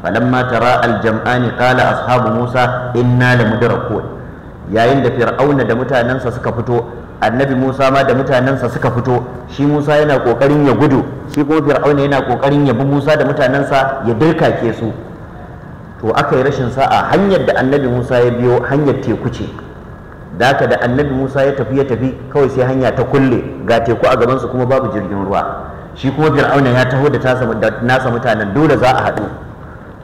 falamma tara aljam'ani qala ashabu musa inna lamudrakun yayin da fir'auna da mutanensa suka fito annabi Musa ma da mutanensa suka fito shi Musa yana kokarin ya gudu shi kuma Fir'auna yana kokarin ya bi Musa da mutanensa ya ke su to aka yi rashin sa'a hanyar da annabi Musa ya biyo hanyar teku ce da haka da annabi Musa ya tafi ya tafi kawai sai hanya ta kulle ga teku a gabansu kuma babu jirgin ruwa shi kuma Fir'auna ya taho da nasa mutanen dole za a haɗu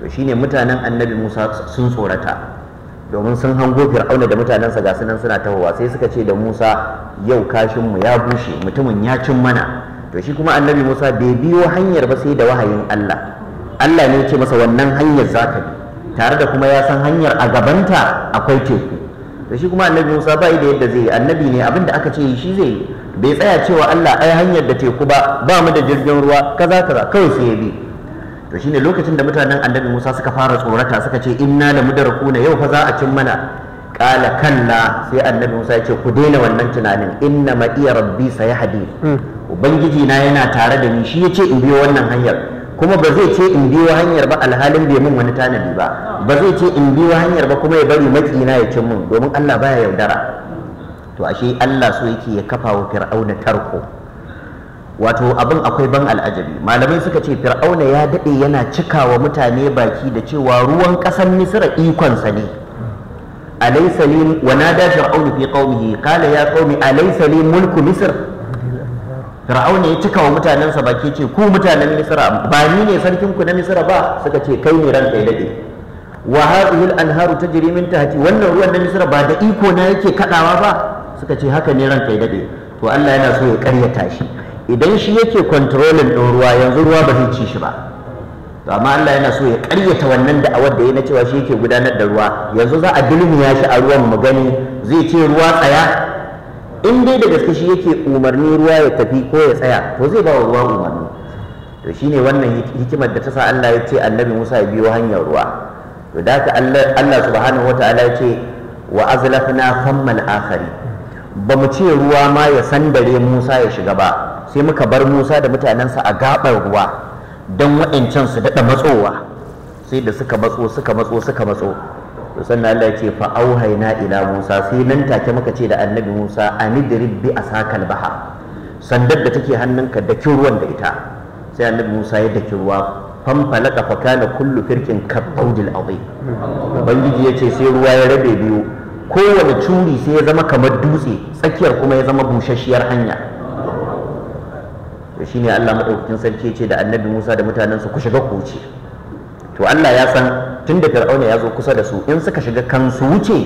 to shine mutanen annabi Musa sun tsorata domin sun hango fir'auna da mutanensa ga sunan suna tahowa sai suka ce da musa yau kashinmu ya bushe mutumin ya cin mana to shi kuma annabi musa bai biyo hanyar ba sai da wahayin allah allah ne ce masa wannan hanyar za ka bi tare da kuma ya san hanyar a gabanta akwai teku to shi kuma annabi musa ba da yadda zai annabi ne abin da aka ce shi zai yi bai tsaya cewa allah ai hanyar da teku ba ba mu da jirgin ruwa kaza kaza kawai sai ya bi to shine lokacin da mutanen annabi Musa suka fara tsorata suka ce inna la na yau fa za a cin mana kala kalla sai annabi Musa ya ce ku daina wannan tunanin inna ma iya rabbi sayahdi hmm. ubangiji na yana tare da ni shi ya ce in biyo wannan hanyar kuma ba zai ce in biyo hanyar ba alhalin bai mun wani tanadi ba ba zai ce in biyo hanyar ba kuma ya bari matsina ya cin mun domin Allah baya yaudara to ashe Allah so yake ya kafa wa fir'auna tarko wato abin akwai ban al'ajabi malamai suka ce fir'auna ya daɗe yana cikawa mutane baki da cewa ruwan ƙasar misira ikonsa ne alaysa li wa da fir'aunu fi qaumihi qala ya qaumi alaysa ne mulku Misir. fir'auna ya cikawa mutanensa baki ce ku mutanen Misira. ba ni ne sarkin ku na Misira ba suka ce kai ne ranka ya daɗe wa hadhihi al-anharu tajri min tahti wannan ruwan na Misira ba da iko na yake kaɗawa ba suka ce haka ne ranka ya daɗe to Allah yana so ya karyata shi idan shi yake kontrolin ɗin ruwa yanzu ruwa ba zai ci shi ba to amma Allah yana so ya ƙaryata wannan da awar da ya na cewa shi yake gudanar da ruwa yanzu za a dulmiya shi a ruwan mu gani zai ce ruwa tsaya in dai da gaske shi yake umarni ruwa ya tafi ko ya tsaya to zai ba ruwa umarni to shine wannan hikimar da ta sa Allah ya ce annabi Musa ya biyo hanyar ruwa to da ka Allah subhanahu wataala ya ce wa azlafna famman akhari ba mu ce ruwa ma ya sandare Musa ya shiga ba sai muka bar Musa da mutanensa a gaɓar ruwa don wa'ancan su daɗa matsowa sai da suka matso suka matso suka matso to sannan Allah ce fa auhayna ila Musa sai nan take muka ce da annabi Musa anidrib bi asakal baha sandar da take hannunka da ruwan da ita sai annabi Musa ya daki ruwa fanfalaka fa kana kullu firkin kabudil azim ubangiji yace sai ruwa ya rabe biyu kowane curi sai ya zama kamar dutse tsakiyar kuma ya zama bushashiyar hanya to shine Allah madaukakin sarki ce da annabi Musa da su ku shiga ku wuce to Allah ya san tunda Fir'auna ya zo kusa da su in suka shiga kan su wuce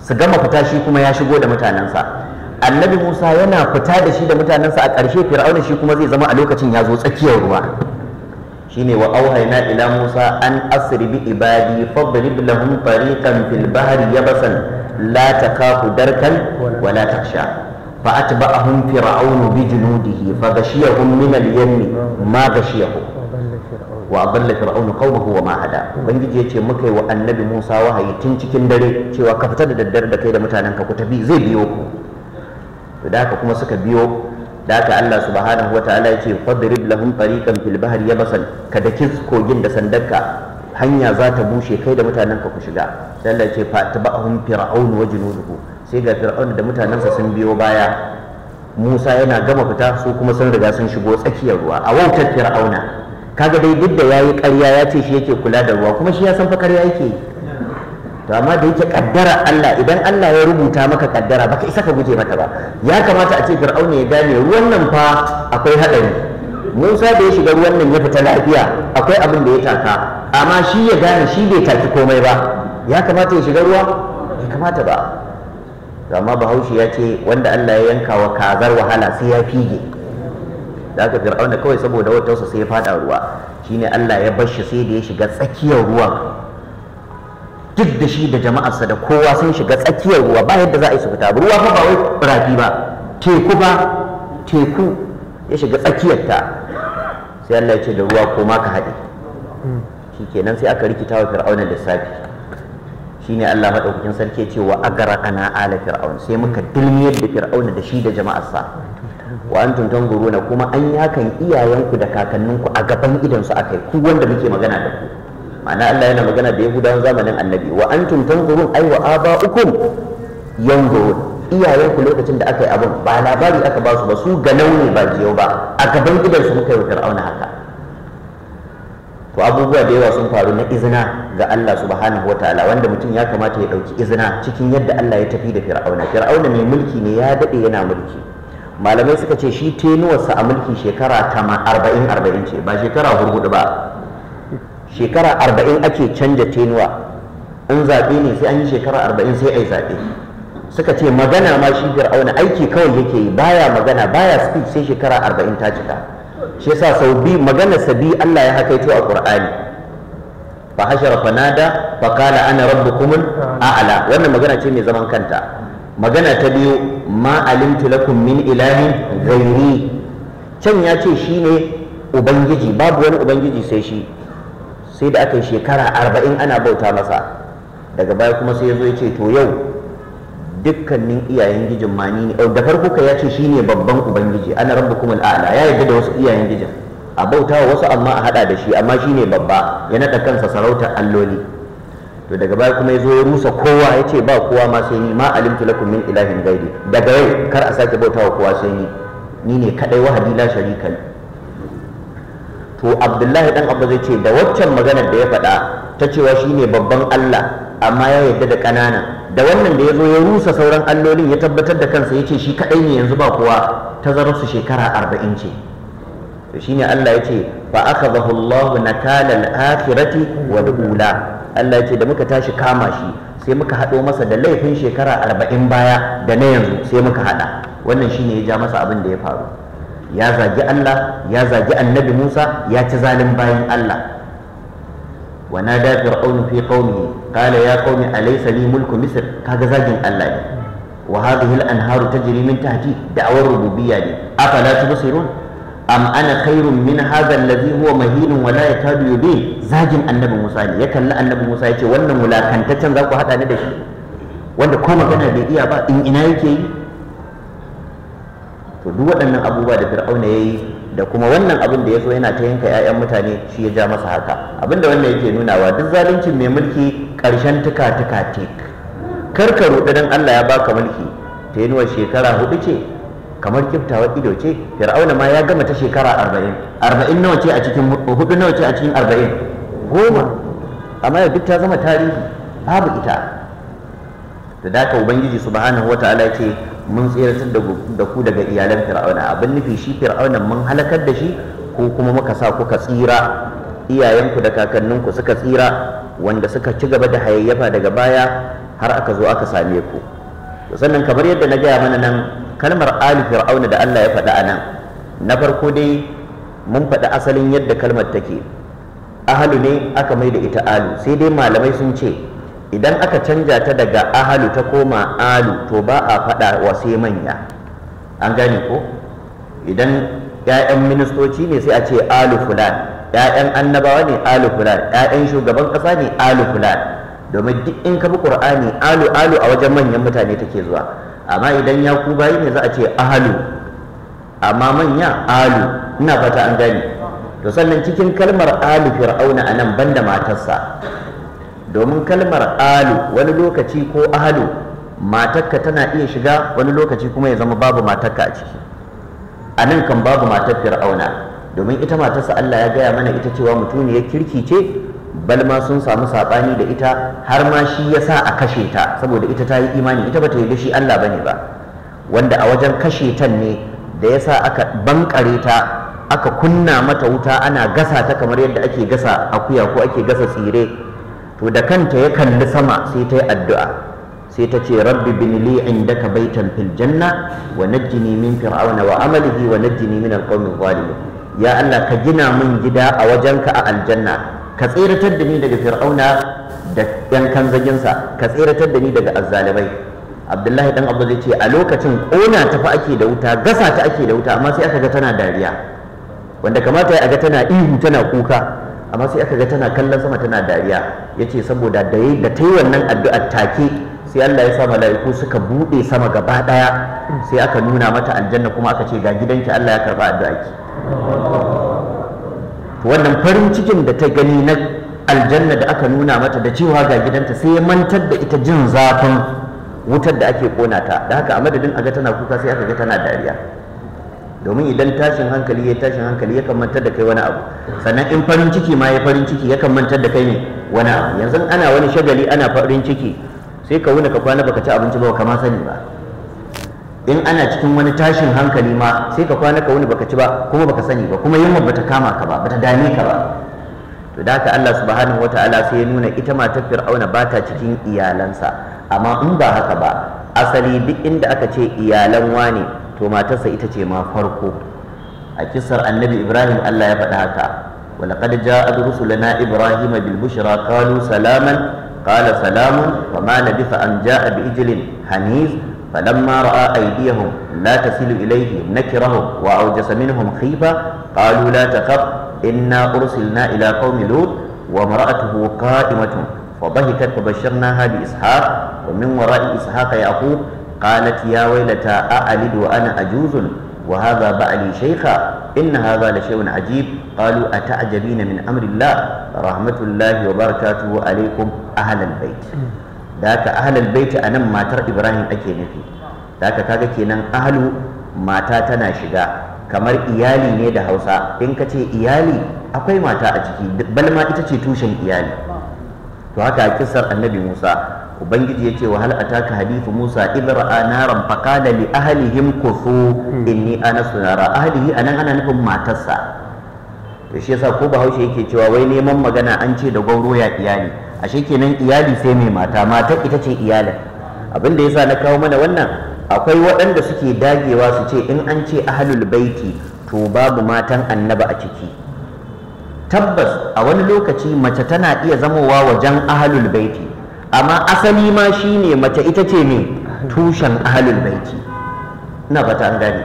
su gama fita shi kuma ya shigo da sa. annabi Musa yana fita da shi da mutanensa a ƙarshe Fir'auna shi kuma zai zama a lokacin ya zo tsakiyar ruwa shine wa auhayna ila Musa an asri bi ibadi fadrib lahum tariqan fil bahri yabasan la takafu darkan wala taksha فأتبعهم فرعون بجنوده فغشيهم من اليم ما غشيهم وأضل فرعون قومه وما هدى ubangiji yace muka yi wa annabi Musa wahayi tun cikin dare cewa ka fita da daddare da kai da mutanenka ku zai biyo ku to da haka kuma suka biyo da haka Allah subhanahu wataala yace fadrib lahum tariqan fil bahri yabasan ka daki kogin da sandarka hanya za ta bushe kai da mutanenka ku shiga sai Allah yace fa tabahum fir'aun wa junuduhu sai ga fir'aun da mutanensa sun biyo baya musa yana gama fita su kuma sun riga sun shigo tsakiyar ruwa a wautar fir'auna kaga dai duk da yayi ƙarya ya ce shi yake kula da ruwa kuma shi ya san fa ƙarya yake to amma da yake kaddara Allah idan Allah ya rubuta maka kaddara baka isa ka guje mata ba ya kamata a ce fir'aun ya gane ruwan nan fa akwai haɗari Musa da ya shiga ruwan nan ya fita lafiya akwai abin da ya taka amma shi ya gane shi bai taki komai ba ya kamata ya shiga ruwa bai kamata ba to amma bahaushe ya ce wanda Allah ya yanka wa kazar wahala sai ya fige da aka da kawai saboda wautarsa sai ya fada ruwa shine Allah ya bar sai da ya shiga tsakiyar ruwan duk da shi da jama'arsa da kowa sun shiga tsakiyar ruwa ba yadda za a yi su fita ruwa fa ba wai rafi ba teku ba teku ya shiga tsakiyar ta sai Allah ya ce da ruwa koma ka haɗe kenan sai aka rikita wa da lissafi shine Allah madaukakin sarki ce wa agraqana ala fir'aun sai muka dilmiyar da fir'auna da shi da jama'arsa wa antum tanzuruna kuma an yi hakan iyayenku da kakanninku a gaban su akai ku wanda muke magana da ku ma'ana Allah yana magana da Yahudawan zamanin Annabi wa antum tanzurun ay wa aba'ukum yanzurun iyayenku lokacin da aka yi abin ba labari aka ba su ba su ganau ne ba jiyau ba a gaban gidansu muka yi wa fir'auna haka to abubuwa da yawa sun faru na izina ga Allah subhanahu ta'ala wanda mutum ya kamata ya ɗauki izina cikin yadda Allah ya tafi da fir'auna fir'auna mai mulki ne ya daɗe yana mulki malamai suka ce shi tenuwarsa a mulki shekara arba'in arba'in ce ba shekara hurhuɗu ba shekara arba'in ake canja tenuwa in zaɓe ne sai an yi shekara arba'in sai a yi zaɓe suka ce magana ma shi fir'auna aiki kawai yake yi baya magana baya speech sai shekara arba'in ta cika shi yasa sau bi magana sabi Allah ya hakaito a Qur'ani fa hashara fanada fa qala ana rabbukum a'la wannan magana ce mai zaman kanta magana ta biyu ma alimtu lakum min ilahin ghairi can ya ce shine ubangiji babu wani ubangiji sai shi sai da aka yi shekara arba'in ana bauta masa daga baya kuma sai ya zo ya ce to yau dukkanin iyayen gijin ma ni ne da farko ka shi ne babban ubangiji ana kuma al'ala ya yarda da wasu iyayen gijin a bauta wa wasu amma a hada da shi amma shi ne babba ya nada kansa sarautar alloli to daga baya kuma ya zo ya rusa kowa ya ce ba kowa ma sai ni ma alimtu lakum min ilahin gairi daga yau kar a sake bauta wa kowa sai ni ni ne kadai wahadi la sharika to abdullahi dan abba zai ce da waccan maganar da ya faɗa ta cewa shine babban allah amma ya yarda da kanana. da wannan da ya zo ya rusa sauran allolin ya tabbatar da kansa ya ce shi kaɗai ne yanzu ba kowa tazararsu shekara arba'in ce to shine Allah ya ce ba fa zahu Allah nakalal akhirati wa ula Allah ya ce da muka tashi kama shi sai muka haɗo masa da laifin shekara arba'in baya da na yanzu sai muka haɗa wannan shine ya ja masa abin da ya faru ya zagi Allah ya zagi annabi Musa ya ci zalin bayan Allah ونادى فرعون في قومه قال يا قوم أليس لي ملك مصر كذا زاجن الله وهذه الأنهار تجري من تحتي دعوة الربوبية لي أفلا تبصرون أم أنا خير من هذا الذي هو مهين ولا يكاد يبين زاجن النبي موسى يكن النبي موسى يتي ولا ملاكنتتن ذاك هذا ندشي wanda ko magana bai iya ba in ina yake yi to duk waɗannan abubuwa da fir'auna ya yi da kuma wannan abin da ya so yana ta yanka 'ya'yan mutane shi ya ja masa haka abin da wannan yake nunawa duk zaluncin mai mulki ƙarshen tuka tuka tek kar ka ruɗu dan Allah ya baka mulki ta yi shekara hudu ce kamar kiftawar ido ce fir'auna ma ya gama ta shekara arba'in arba'in nawa ce a cikin hudu nawa ce a cikin arba'in goma amma yau duk ta zama tarihi babu ita da daka ubangiji subhanahu wataala ce mun tsiratar da ku daga iyalan fir'auna abin nufi shi fir'auna mun halakar da shi ko kuma muka sa kuka tsira iyayenku da kakanninku suka tsira wanda suka ci gaba da hayayyafa daga baya har aka zo aka same ku sannan kamar yadda na gaya mana nan kalmar ali fir'auna da Allah ya faɗa a nan na farko dai mun faɗi asalin yadda kalmar take ahalu ne aka mai da ita alu sai dai malamai sun ce idan aka canja ta daga ahalu ta koma alu to ba a faɗa wa sai manya an gane ko idan 'ya'yan ministoci ne sai a ce alu fulan 'ya'yan annabawa ne alu fulan 'ya'yan shugaban ƙasa ne alu fulan domin duk in ka bi qur'ani alu alu a wajen manyan mutane take zuwa amma idan ya ku bayi ne za a ce ahalu amma manya alu ina fata an gane to sannan cikin kalmar alu fir'auna anan banda matarsa domin kalmar alu wani lokaci ko ahalu matakka tana iya shiga wani lokaci kuma ya zama babu matakka a ciki a nan kan babu matar fir'auna domin ita matarsa Allah ya gaya mana ita cewa ya kirki ce balma sun samu saɓani da ita har ma shi ya sa a kashe ta saboda ita ta yi imani ita ba ta yi shi Allah ba ne ba wanda a wajen kashe ta ne da ya sa aka bankare ta aka kunna mata wuta ana gasa ta kamar yadda ake gasa akuya ko ake gasa tsire to da kanta ya kalli sama sai ta yi addu'a sai ta ce rabbi bin li ka baitan fil janna wa najjini min fir'auna wa amalihi wa najjini min alqawmi zalimin ya Allah ka gina min gida a wajenka a aljanna ka tsiratar da ni daga fir'auna da yan kanzaginsa ka tsiratar da ni daga azzalimai abdullahi dan abu zai ce a lokacin kona ta fa ake da wuta gasa ta ake da wuta amma sai aka ga tana dariya wanda kamata ya ga tana ihu tana kuka amma sai aka ga tana kallon sama tana dariya yace saboda da yi da yi wannan addu'ar take sai Allah ya sa mala'iku suka buɗe sama gaba ɗaya sai aka nuna mata aljanna kuma aka ce ga gidanki Allah ya karba addu'arki to wannan farin cikin da ta gani na aljanna da aka nuna mata da cewa ga gidanta sai ya mantar da ita jin zafin wutar da ake kona ta da haka a madadin aga tana kuka sai aka ga tana dariya domin idan tashin hankali ya tashin hankali ya kan mantar da kai wani abu sannan in farin ciki ma ya farin ciki ya kan mantar da kai ne wani abu yanzu ana wani shagali ana farin ciki sai ka wuni ka kwana baka ci abinci ba ka sani ba in ana cikin wani tashin hankali ma sai ka kwana ka wuni baka ci ba kuma baka sani ba kuma yunwa bata kama ka ba bata dame ka ba to da haka Allah subhanahu wataala sai ya nuna ita matar Fir'auna ba ta cikin iyalansa amma in ba haka ba asali duk inda aka ce iyalan wane to matarsa ita ce ma farko a kisar annabi ibrahim allah ya faɗa haka ولقد جاءت رسلنا إبراهيم بالبشرى قالوا سلاما قال سلام فما لبث أن جاء بإجل حنيذ فلما رأى أيديهم لا تصل إليه نكرهم وأوجس منهم خيفة قالوا لا تخف إنا أرسلنا إلى قوم لوط وامرأته قائمة فضحكت فبشرناها بإسحاق ومن وراء إسحاق يعقوب qalat ya wailata a alidu wahaza ajuzun wa hadha ba'li shaykha inna hadha la shay'un ajib qalu ata'jabina min amri rahmatullahi wa barakatuhu alaikum ahlal bait da haka ahlal bait matar Ibrahim ake nufi da haka kaga kenan ahlu mata tana shiga kamar iyali ne da Hausa in ka ce iyali akwai mata a ciki balma ita ce tushen iyali to haka a kisar annabi Musa ubangiji ya ce wa hal taka hadithu musa idh A. naran faƙada li ahlihim kufu inni anasu nara ahlihi nan ana nufin matarsa to shi yasa ko bahaushe yake cewa wai neman magana an ce da gwauro ya iyali ashe kenan iyali sai mai mata mata ita ce iyalin abin da yasa na kawo mana wannan akwai waɗanda suke dagewa su ce in an ce ahalul baiti to babu matan annaba a ciki tabbas a wani lokaci mace tana iya zamowa wajen ahalul baiti amma asali ma shine mace ita ce mai tushen ahalin baiti ina fata an gane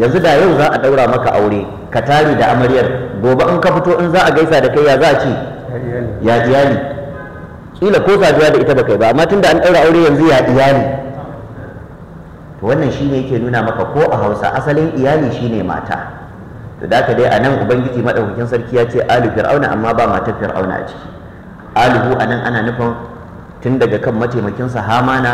yanzu da yau za a daura maka aure ka tare da amaryar gobe in ka fito in za a gaisa da kai ya za ce ya iyali kila ko saduwa da ita ba kai ba amma tunda an daura aure yanzu ya iyali to wannan shine yake nuna maka ko a Hausa asalin iyali shine mata to da ka dai a nan ubangiji maɗaukakin sarki ya ce alu fir'auna amma ba matar fir'auna a ciki a nan ana nufin tun daga kan mataimakin mataimakinsa hamana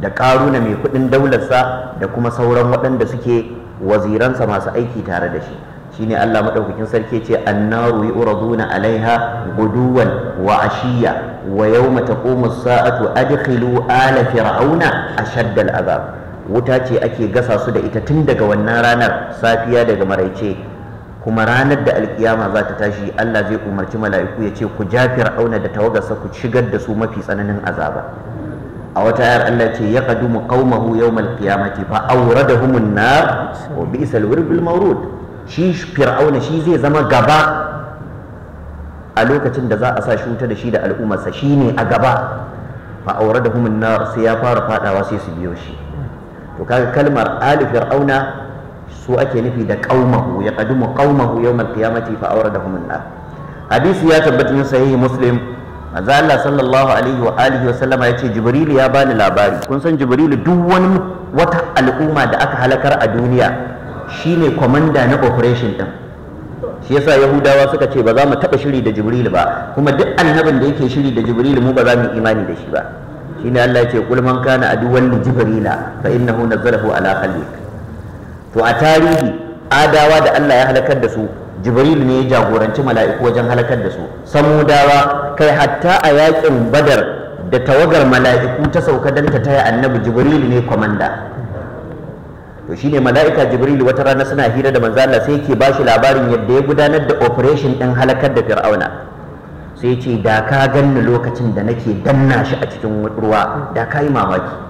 da ƙaruna mai kuɗin daularsa da kuma sauran waɗanda suke waziransa masu aiki tare da shi shine Allah maɗaukakin sarki ce annaru yu'raduna alaiha guduwan wa ashiya wa yawma taqumu saatu adkhilu ala fir'auna ashadd al'azab wuta ce ake gasa su da ita tun daga wannan ranar safiya daga maraice kuma ranar da alkiyama za ta tashi Allah zai umarci mala'iku ya ce ku ja fir'auna da tawagarsa ku shigar da su mafi tsananin azaba a wata ayar Allah ce ya qadumu qaumahu yawmal qiyamati fa awradahumun nar wa bi'sal wirdul mawrud shi fir'auna shi zai zama gaba a lokacin da za a sa shuta da shi da al'ummarsa shine a gaba fa awradahumun nar sai ya fara fadawa sai su biyo shi to kaga kalmar ali fir'auna su ake nufi da qaumahu ya qadumu qaumahu yawm al-qiyamati fa da an-nar hadisi ya tabbata na sahihi muslim manzo Allah sallallahu alaihi wa alihi wa sallama yace jibril ya bani labari kun san jibril duk wani wata al'umma da aka halakar a duniya shine komanda na operation din shi yasa yahudawa suka ce ba za mu taba shiri da jibril ba kuma duk annabin da yake shiri da jibril mu ba za mu imani da shi ba shine Allah ya ce kul man kana aduwan jibrila fa innahu nazzalahu ala qalbika to a tarihi adawa da Allah ya halakar da su jibril ne ya jagoranci mala'iku wajen halakar da su samudawa kai hatta a yakin badar da tawagar mala'iku ta sauka don ta taya annabi jibril ne kwamanda to shine mala'ika jibril wata rana suna hira da manzo Allah sai yake bashi labarin yadda ya gudanar da operation din halakar da fir'auna sai ce da ka ganni lokacin da nake danna shi a cikin ruwa da ka yi mamaki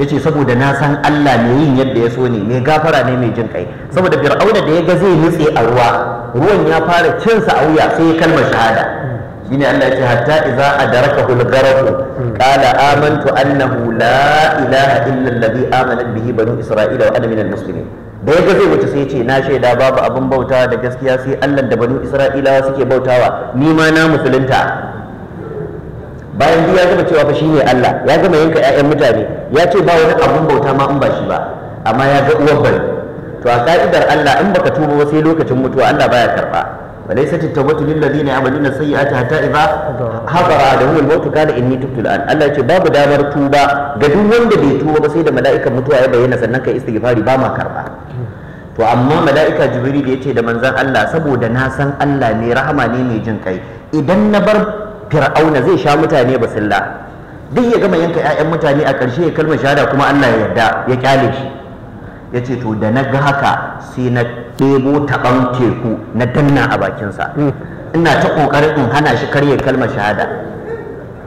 ya ce saboda na san Allah mai yin yadda ya so ne mai gafara ne mai jin kai saboda fir'auna da ya ga zai nutse a ruwa ruwan ya fara cin sa a wuya sai ya kalmar shahada shine Allah ya ce hatta idza adrakahu al-gharq qala amantu annahu la ilaha illa alladhi bihi banu isra'ila wa ana minal da ya zai wuce sai ce na shaida babu abin bautawa da gaskiya sai Allah da banu isra'ila suke bautawa ni ma na musulunta bayan duk ya zama cewa fa shine Allah ya gama yanka ƴaƴan mutane ya ce ba wani abun bauta ma in ba shi ba amma ya ga uwar bari to a ka'idar Allah in baka tuba ba sai lokacin mutuwa Allah baya karba walaysa tawbatu lil ladina yamaluna sayyi'ati hatta idha hadara da al-maut da inni tubtu al'an Allah ya ce babu damar tuba ga duk wanda bai tuba ba sai da mala'ikan mutuwa ya bayyana sannan kai istighfari ba ma karba to amma mala'ika jibril ya ce da manzan Allah saboda na san Allah ne rahama ne mai jin kai idan na bar fir'auna zai sha mutane basilla duk ya gama yanka 'ya'yan mutane a ƙarshe ya kalmar shahada kuma Allah ya yarda ya kyale shi ya ce to da na ga haka sai na ɗebo taɓan teku na danna a bakinsa ina ta ƙoƙarin in hana shi karya kalmar shahada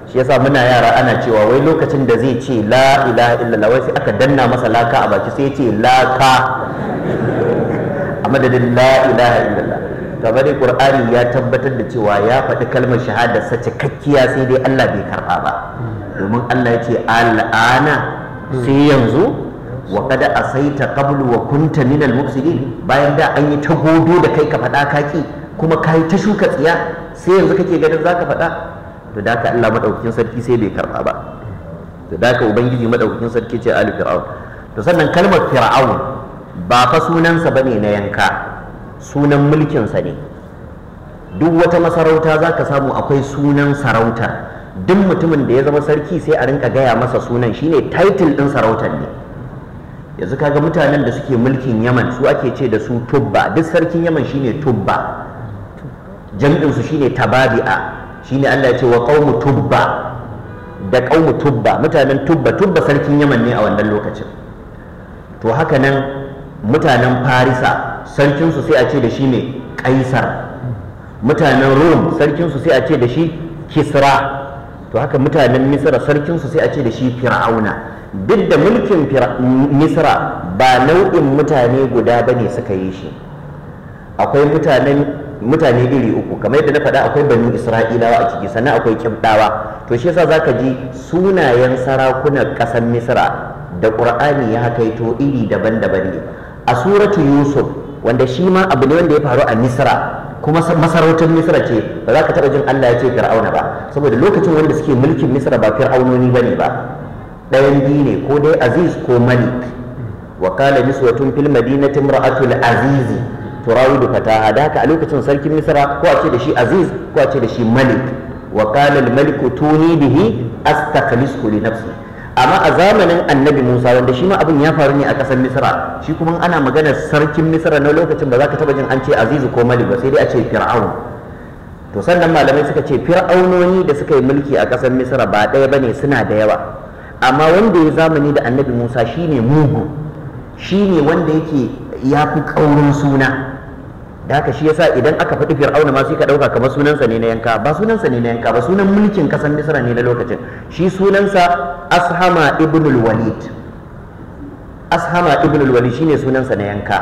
shi yasa muna yara ana cewa wai lokacin da zai ce la ilaha illallah wai sai aka danna masa laka a baki sai ya ce laka a madadin la ilaha illallah. to da ya tabbatar da cewa ya faɗi kalmar shahada sa cikakkiya sai dai Allah bai karɓa ba domin Allah ya ce al'ana sai yanzu wa kada asaita qablu wa kunta minal al bayan da an yi ta godo da kai ka faɗa kaki kuma ka yi ta shuka tsiya sai yanzu kake ganin zaka faɗa to da ka Allah madaukakin sarki sai bai karɓa ba to da ka ubangiji madaukakin sarki ce ali fir'aun to sannan kalmar fir'aun ba fa sunansa bane na yanka sunan mulkinsa ne duk wata masarauta za ka samu akwai sunan sarauta duk mutumin da ya zama sarki sai a rinka gaya masa sunan shine title ɗin sarautar ne yanzu kaga mutanen da suke mulkin yaman su ake ce da su tubba duk sarkin yaman shine tubba jam'insu shine tababi'a shine allah ya ce wa qaumu tubba da qaumu tubba mutanen tubba tubba sarkin yaman ne a wannan lokacin to haka nan mutanen farisa sarkinsu sai a ce da shi ne kaisar mutanen sarkin sarkinsu sai a ce da shi kisra to haka mutanen misra sarkinsu sai a ce da shi fir'auna duk da mulkin misra ba nau'in mutane guda ba ne suka yi shi akwai mutane iri uku kamar yadda na faɗa akwai banu isra'ilawa a ciki sannan akwai kibdawa to shi yasa zaka ji sunayen sarakunan ƙasar misra da ƙur'ani ya kaito iri daban-daban ne a suratu yusuf wanda shi ma abu ne wanda ya faru a misra kuma masarautar misra ce ba za ka taɓa jin allah ya ce fir'auna ba saboda lokacin wanda suke mulkin misra ba fir'aunoni ba ne ba ɗayan biyu ne ko dai aziz ko malik wa kala niswatun fil madinati imra'atul azizi turawidu fataha da haka a lokacin sarkin misra ko a ce da shi aziz ko a ce da shi malik wa kala al maliku tuni bihi astakhlisu li nafsi amma a zamanin annabi musa wanda shi ma abin ya faru ne a ƙasar misra shi kuma ana maganar sarkin misra na lokacin ba za ka taba jin an ce azizu ko malik ba sai dai a ce fir'aun to sannan malamai suka ce fir'aunoni da suka yi mulki a ƙasar misra ba ɗaya ba ne suna da yawa amma wanda ya zamani da annabi musa shine mugu ne wanda yake ya fi ƙaurin suna da haka shi yasa idan aka faɗi fir'auna ma sai ka ɗauka kamar sunansa ne na yanka ba sunansa ne na yanka ba sunan mulkin kasan misra ne na lokacin shi sunansa ashama ibnul walid ashama ibnul walid shine sunansa na yanka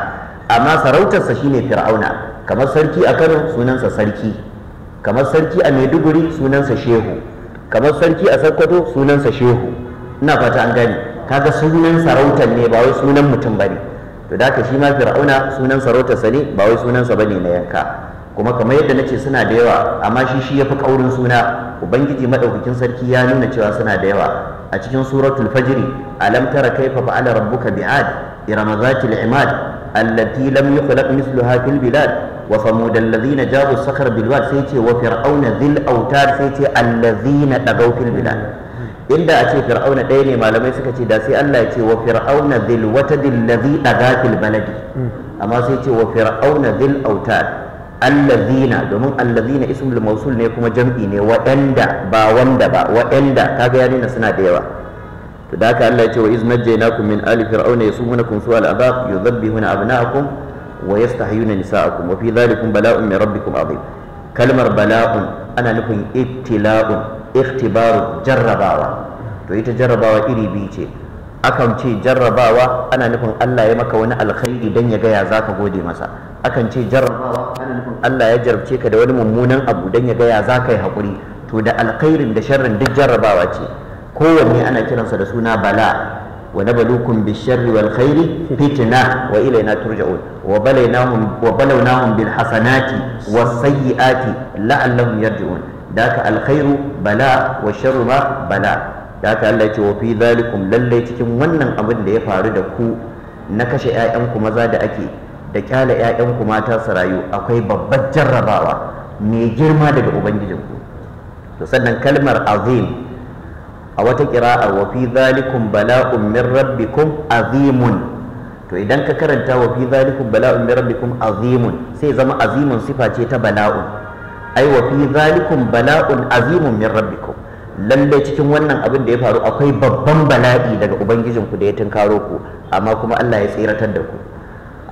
amma sarautarsa shine fir'auna kamar sarki a kano sunansa sarki kamar sarki a maiduguri sunansa shehu kamar sarki a sarkwato sunansa shehu ina fata an gani kaga sunan sarautar ne ba wai sunan mutum ba ne to da shi ma fir'auna sunan sarauta sani ba wai sunansa bane na yanka kuma kamar yadda nace suna da yawa amma shi shi yafi kaurin suna ubangiji madaukakin sarki ya nuna cewa suna da yawa a cikin suratul fajri alam tara kaifa fa'ala rabbuka bi'ad iramazatil imad التي لم يخلق مثلها في البلاد وثمود الذين جابوا الصخر بالواد سيتي وفرعون ذي الأوتاد سيتي الذين طغوا في bilad. inda a ce fir'auna ɗaya ne malamai suka ce da sai Allah ya ce wa fir'auna dhil watadil ladhi daga baladi amma sai ce wa fir'auna dhil autad allazina domin allazina ismul mausul ne kuma jam'i ne waɗanda ba wanda ba waɗanda kaga ya nuna suna da yawa to da haka Allah ya ce wa iz najjaynakum min ali fir'auna yasumunakum su'al adab yudhabbihuna abna'akum wa yastahiyuna nisa'akum wa fi dhalikum bala'un min rabbikum azim kalmar bala'un ana nufin ibtila'un ikhtibaru jarrabawa to ita jarrabawa iri biyu ce akan ce jarrabawa ana nufin Allah ya maka wani alkhairi dan ya gaya ka gode masa akan ce jarrabawa ana nufin Allah ya jarabce ka da wani mummunan abu dan ya gaya zaka yi hakuri to da alkhairin da sharrin duk jarrabawa ce kowanne ana kiransa da suna bala ونبلوكم بالشر والخير فتنة وإلينا ترجعون وبلوناهم وبلوناهم بالحسنات والسيئات لعلهم يرجعون da ka alkhairu bala wa sharru ma bala da ka Allah ya ce wa fi zalikum lalle cikin wannan abin da ya faru da ku na kashe ku maza da ake da kyale ƴaƴanku mata su rayu akwai babbar jarrabawa mai girma daga ubangijinku to sannan kalmar azim a wata kira'a wa fi zalikum bala'un min rabbikum azimun to idan ka karanta wa fi zalikum bala'un min rabbikum azimun sai zama azimun sifa ce ta bala'un ai wa fi zalikum bala'un azimun min rabbikum lalle cikin wannan abin da ya faru akwai babban bala'i daga ku da ya tunkaro ku amma kuma Allah ya tsiratar da ku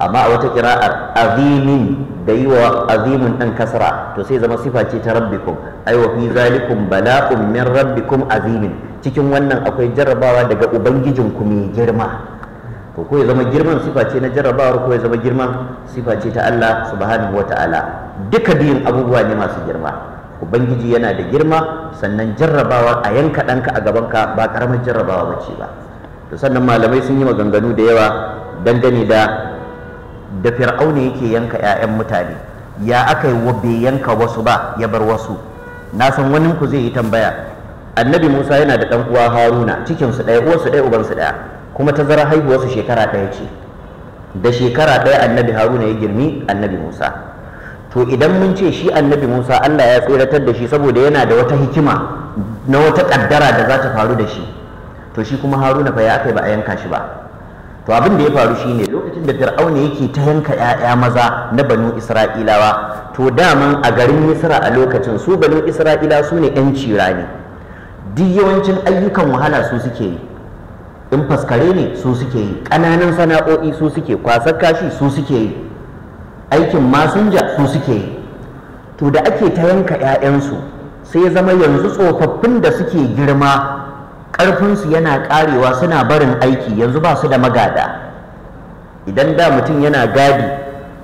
amma a wata kira'ar azimin da yi wa azimin ɗan kasra to sai zama sifa ce ta rabbikum ai wa fi zalikum bala'un min rabbikum azimin cikin wannan akwai jarrabawa daga ubangijinku mai girma ko ko ya zama girman sifa ce na jarrabawar ko ya zama girman sifa ce ta Allah subhanahu wa ta'ala duka biyun abubuwa ne masu girma ubangiji yana da girma sannan jarrabawa a yanka ɗanka a gabanka ba ƙaramar jarrabawa ba ce ba to sannan malamai sun yi maganganu da yawa dangane da da fir'auna yake yanka 'ya'yan mutane ya aka yi wa bai yanka wasu ba ya bar wasu na san wani ku zai yi tambaya annabi musa yana da ɗan uwa haruna cikinsu ɗaya uwarsu ɗaya ubansu ɗaya kuma ta tazarar haihuwarsu shekara ɗaya ce da shekara ɗaya annabi haruna ya girmi annabi musa to idan mun ce shi annabi musa allah ya tsiratar da shi saboda yana da wata hikima na wata ƙaddara da za ta faru da shi to shi kuma haruna fa ya aka ba a yanka shi ba to abin da ya faru shine lokacin da fir'auna yake ta yanka 'ya'ya maza na banu isra'ilawa to daman a garin misra a lokacin su banu isra'ila su ne 'yan cira ne duk yawancin ayyukan wahala su suke yi in faskare ne su suke yi ƙananan sana'o'i su suke kwasar kashi su suke yi aikin masinja su suke yi to da ake ta yanka 'ya'yansu sai zama yanzu tsofaffin da suke girma ƙarfinsu yana ƙarewa suna barin aiki yanzu ba su da magada idan da mutum yana gadi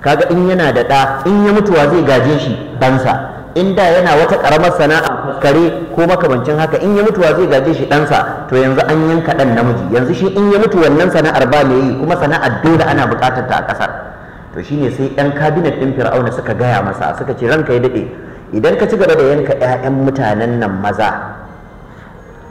kaga in yana da ɗa in ya mutuwa zai gaje shi bansa in da yana wata karamar sana'a kare ko makamancin haka in ya mutuwa zai gaje shi ɗansa to yanzu an yanka ɗan namiji yanzu shi in ya mutu wannan sana'ar ba mai yi kuma sana'ar dole ana buƙatar ta a ƙasar to shine sai ɗan kabinet ɗin fir'auna suka gaya masa suka ce ranka ya daɗe idan ka ci gaba da yanka 'ya'yan mutanen nan maza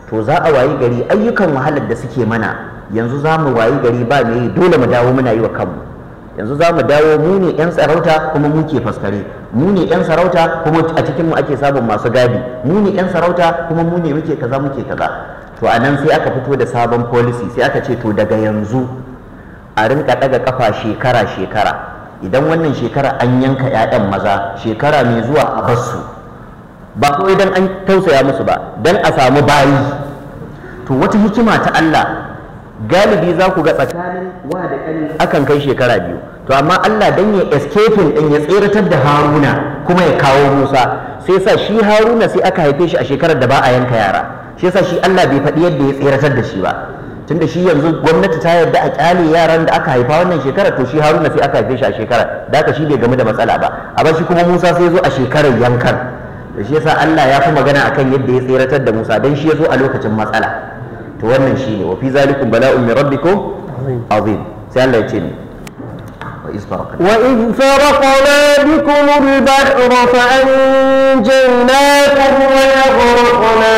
to za a wayi gari ayyukan wahalar da suke mana yanzu za mu wayi gari ba mai dole mu dawo muna yi wa kanmu yanzu za mu dawo mu ne 'yan sarauta kuma mu ke faskare mu ne 'yan sarauta kuma a cikinmu ake samun masu gadi mu ne 'yan sarauta kuma mu ne muke kaza muke kaza to a nan sai aka fito da sabon policy sai aka ce to daga yanzu a rinka daga kafa shekara shekara idan wannan shekara an yanka 'ya'yan maza shekara mai zuwa a basu ba kawai idan an tausaya musu ba dan a samu bayi to wata hikima ta Allah galibi za ku ga tsakanin wa da ƙani akan kai shekara biyu to amma Allah dan ya escaping din ya tseratar da Haruna kuma ya kawo Musa sai sa shi Haruna sai aka haife shi a shekarar da ba a yanka yara Sai sa shi Allah bai faɗi yadda ya tseratar da shi ba tunda shi yanzu gwamnati ta yarda a kyale yaran da aka haifa wannan shekarar to shi Haruna sai aka haife shi a shekarar da aka shi bai game da matsala ba a shi kuma Musa sai zo a shekarar yankan da shi yasa Allah ya fi magana akan yadda ya tseratar da Musa dan shi ya zo a lokacin matsala to wannan shine wa fi zalikum bala'un min rabbikum azim sai Allah ya ce ni وإذ فرقنا وإذ فرقنا بكم البحر فأنجيناكم وأغرقنا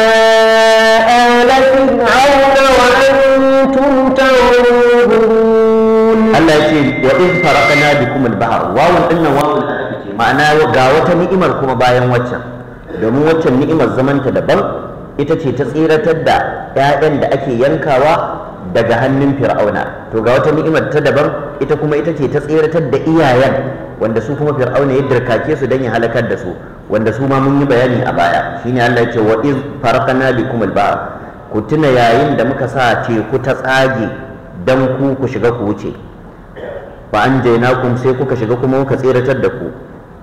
آل فرعون وأنتم تنظرون الله يقول وإذ فرقنا بكم البحر واو إن واو معناه ga wata ni'imar kuma bayan waccan domin waccan ni'imar zamanta daban ita ce ta tsiratar da 'ya'yan da ake yankawa daga hannun fir'auna to ga wata ni'imar ta daban ita kuma ita ce ta tsiratar da iyayen wanda su kuma fir'auna ya dirkake su don ya halakar da su wanda su ma mun yi bayani a baya shine Allah ya ce wa iz farqana bikum al ku tuna yayin da muka sa teku ta tsage dan ku ku shiga ku wuce ba an jaina kun sai kuka shiga kuma muka tsiratar da ku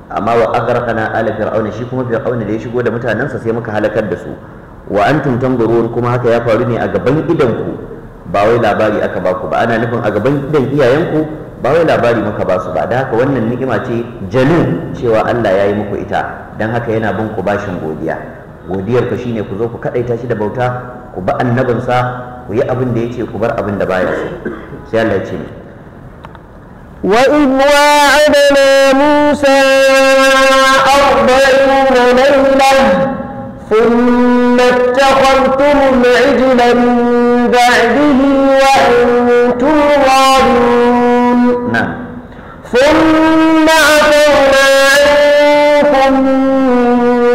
amma wa agarkana ala fir'auna shi kuma fir'auna da ya shigo da mutanensa sai muka halakar da su wa antum tanzurun kuma haka ya faru ne a gaban idanku ba wai labari aka ba ku ba ana nufin a gaban idan iyayenku ba wai labari muka ba su ba da haka wannan ni'ima ce janu cewa Allah ya yi muku ita dan haka yana bin ku bashin godiya godiyar ka shine ku zo ku kadaita shi da bauta ku ba annabinsa ku yi abin da yake ku bar abin da baya so sai Allah ya ce ni وإذ واعدنا موسى أربعين ليلة ثم اتخذتم العجل من بعده وانتم ظالمون نعم ثم عفونا عنكم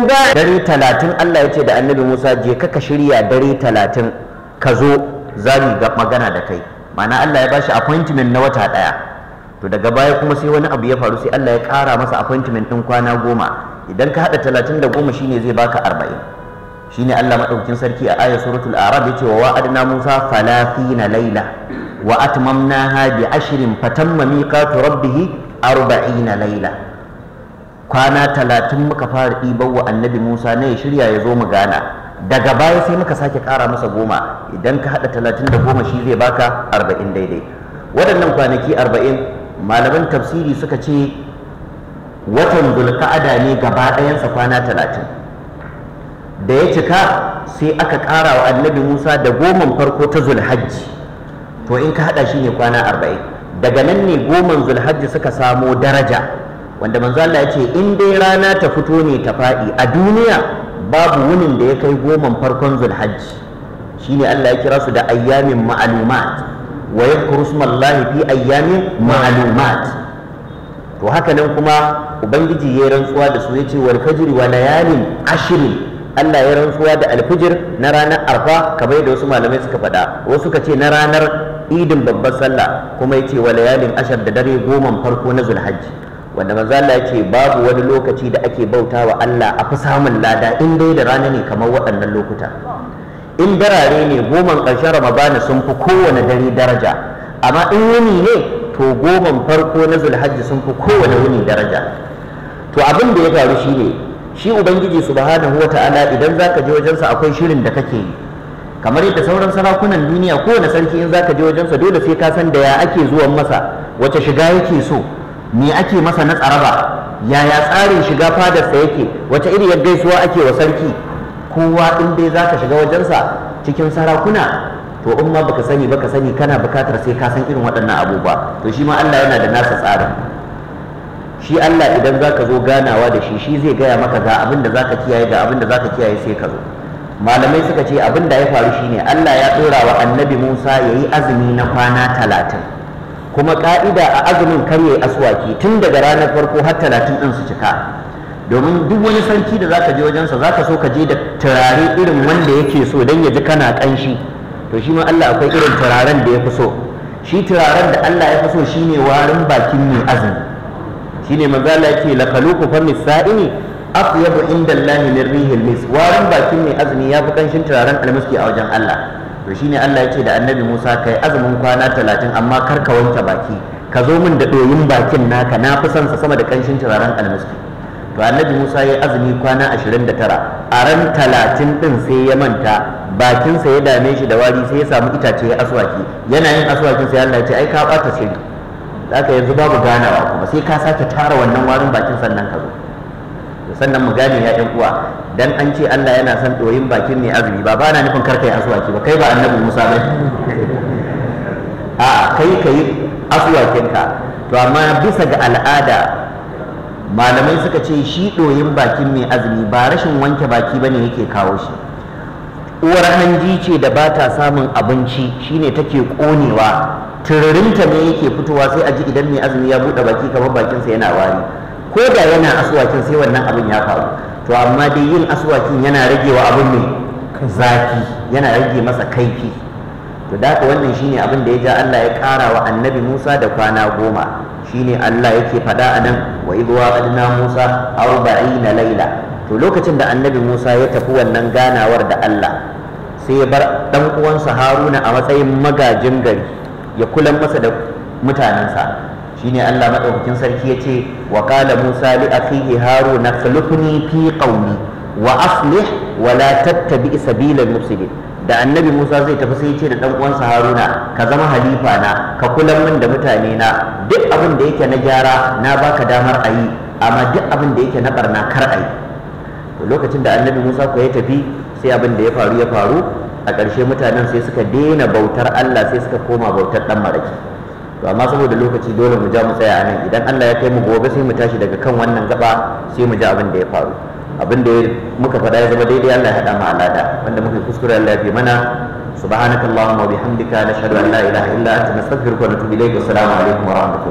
dare talatin Allah ya ce da annabi Musa je ka shirya dare talatin ka zo za mu ga magana da kai ma'ana Allah ya ba shi appointment na wata ɗaya to daga baya kuma sai wani abu ya faru sai Allah ya kara masa appointment ɗin kwana goma idan ka haɗa talatin da goma shine zai baka arba'in shine Allah maɗaukin sarki a ayat suratul arab ce wa wa'adna musa na laila wa atmamnaha bi ashrin fatamma miqatu rabbih arba'ina laila kwana talatin muka fara ɗiban wa annabi musa ne ya shirya ya zo mu gana daga baya sai muka sake kara masa goma idan ka haɗa talatin da goma shi zai baka arba'in daidai waɗannan kwanaki arba'in malaman tafsiri suka ce watan dulka'ada ne gaba ɗayansa kwana talatin da ya cika sai aka ƙara wa annabi musa da goman farko ta zulhajji to in ka haɗa shi ne kwana arba'in daga nan ne goman zulhajji suka samo daraja wanda Manzala Allah ya ce in dai rana ta fito ne ta faɗi a duniya babu wunin da ya kai goman farkon zulhajji shine Allah ya kira su da ayyamin ma'alumat wa kurusman lahifi ayyamin ma'alumat to haka nan kuma ubangiji ya rantsuwa da su yace wal fajri wa layalin ashrin Allah ya rantsuwa da alfijir na ranar arfa kamar yadda wasu malamai suka faɗa wasu suka ce na ranar idin babbar sallah kuma yace wa layalin ashar da dare goman farko na zulhajji wanda manzo Allah yace babu wani lokaci da ake bautawa Allah a fi samun lada in dai da rana ne kamar waɗannan lokuta in birare ne goman ƙarshen ramadana sun fi kowane dare daraja amma in wuni ne to goman farko na zulhaji sun fi kowane wuni daraja to abin da ya faru shi ne shi ubangiji subhanahu ta'ala idan zaka je wajensa akwai shirin da kake yi kamar yadda sauran sarakunan duniya kowane sarki in zaka je wajensa dole sai ka san da ya ake zuwan masa wace shiga yake so me ake masa na tsaraba yaya tsarin shiga fadarsa yake wace iriyar gaisuwa ake wa sarki kowa in dai zaka shiga wajensa cikin sarakuna to in ma baka sani baka sani kana bukatar sai ka san irin waɗannan abubuwa to shi ma Allah yana da nasa tsarin shi Allah idan zaka zo ganawa da shi shi zai gaya maka ga abin da zaka kiyaye ga abin da zaka kiyaye sai ka zo malamai suka ce abin da ya faru shine Allah ya dora wa annabi Musa yayi azumi na kwana talatin kuma ka'ida a azumin kar yayi aswaki tun daga ranar farko har talatin din su cika domin duk wani sarki da zaka je wajensa zaka so ka je da turare irin wanda yake so dan ya ji kana kanshi to shi ma Allah akwai irin turaren da ya fi so shi turaren da Allah ya fi so shine warin bakin mai azumi shine manzo Allah yake la kaluku fa misaini atyabu inda Allah min rihil mis warin bakin mai azumi ya fi kanshin turaren almiski a wajen Allah to ne Allah ce da annabi Musa kai azumin kwana talatin, amma kar ka wanke baki ka zo min da doyin bakin naka na fi son sama da kanshin turaren almiski to annabi Musa ya yi azumi kwana 29 a ran 30 din sai ya manta bakinsa ya dame shi da wari sai ya samu itace ya aswaki yana yin aswakin sai Allah ya ce ai ka bata sirri haka yanzu babu ganawa kuma sai ka sake tara wannan warin bakin sannan ka zo sannan mu gane ya ɗan uwa dan an ce Allah yana son ɗoyin bakin mai azumi ba ba na nufin karka yi aswaki ba kai ba annabi Musa ba a kai ka yi ka to amma bisa ga al'ada malamai suka ce shi ɗoyin bakin mai azumi ba rashin wanke baki bane yake kawo shi uwar hanji ce da ba ta samun abinci shine take konewa tururinta ne yake fitowa sai a ji idan mai azumi ya buɗe baki kamar bakinsa yana wari ko da yana asuwakin sai wannan abin ya faru to amma dai yin asuwakin yana rage wa abin mai zafi yana rage masa kaifi to da haka wannan shine abin da ya ja Allah ya ƙara wa annabi Musa da kwana goma shine Allah yake faɗa a nan wa idh wa'adna Musa laila to lokacin da annabi Musa ya tafi wannan ganawar da Allah sai ya bar dan uwansa Haruna a matsayin magajin gari ya kula masa da mutanensa shine Allah madaukakin sarki yace wa qala Musa li akhihi Harun akhlifni fi qawmi wa aslih wa la tattabi sabilal mufsidin da annabi Musa zai tafi sai ya ce da dan uwansa Haruna ka zama halifa na ka kula min da mutane na duk abin da yake na gyara na baka damar ayi amma duk abin da yake na barna kar ayi lokacin da annabi musa ko ya tafi sai abin da ya faru ya faru a ƙarshe mutanen sai suka daina bautar allah sai suka koma bautar ɗan maraki to amma saboda lokaci dole mu ja mu tsaya a nan idan allah ya kai mu gobe sai mu tashi daga kan wannan gaba sai mu ja abin da ya faru abin da muka faɗa ya zama daidai allah ya haɗa mu alada wanda muka kuskure allah ya fi mana subhanakallahumma wa bihamdika nashhadu an la ilaha illa anta nastaghfiruka wa natubu ilayk assalamu alaikum wa rahmatullahi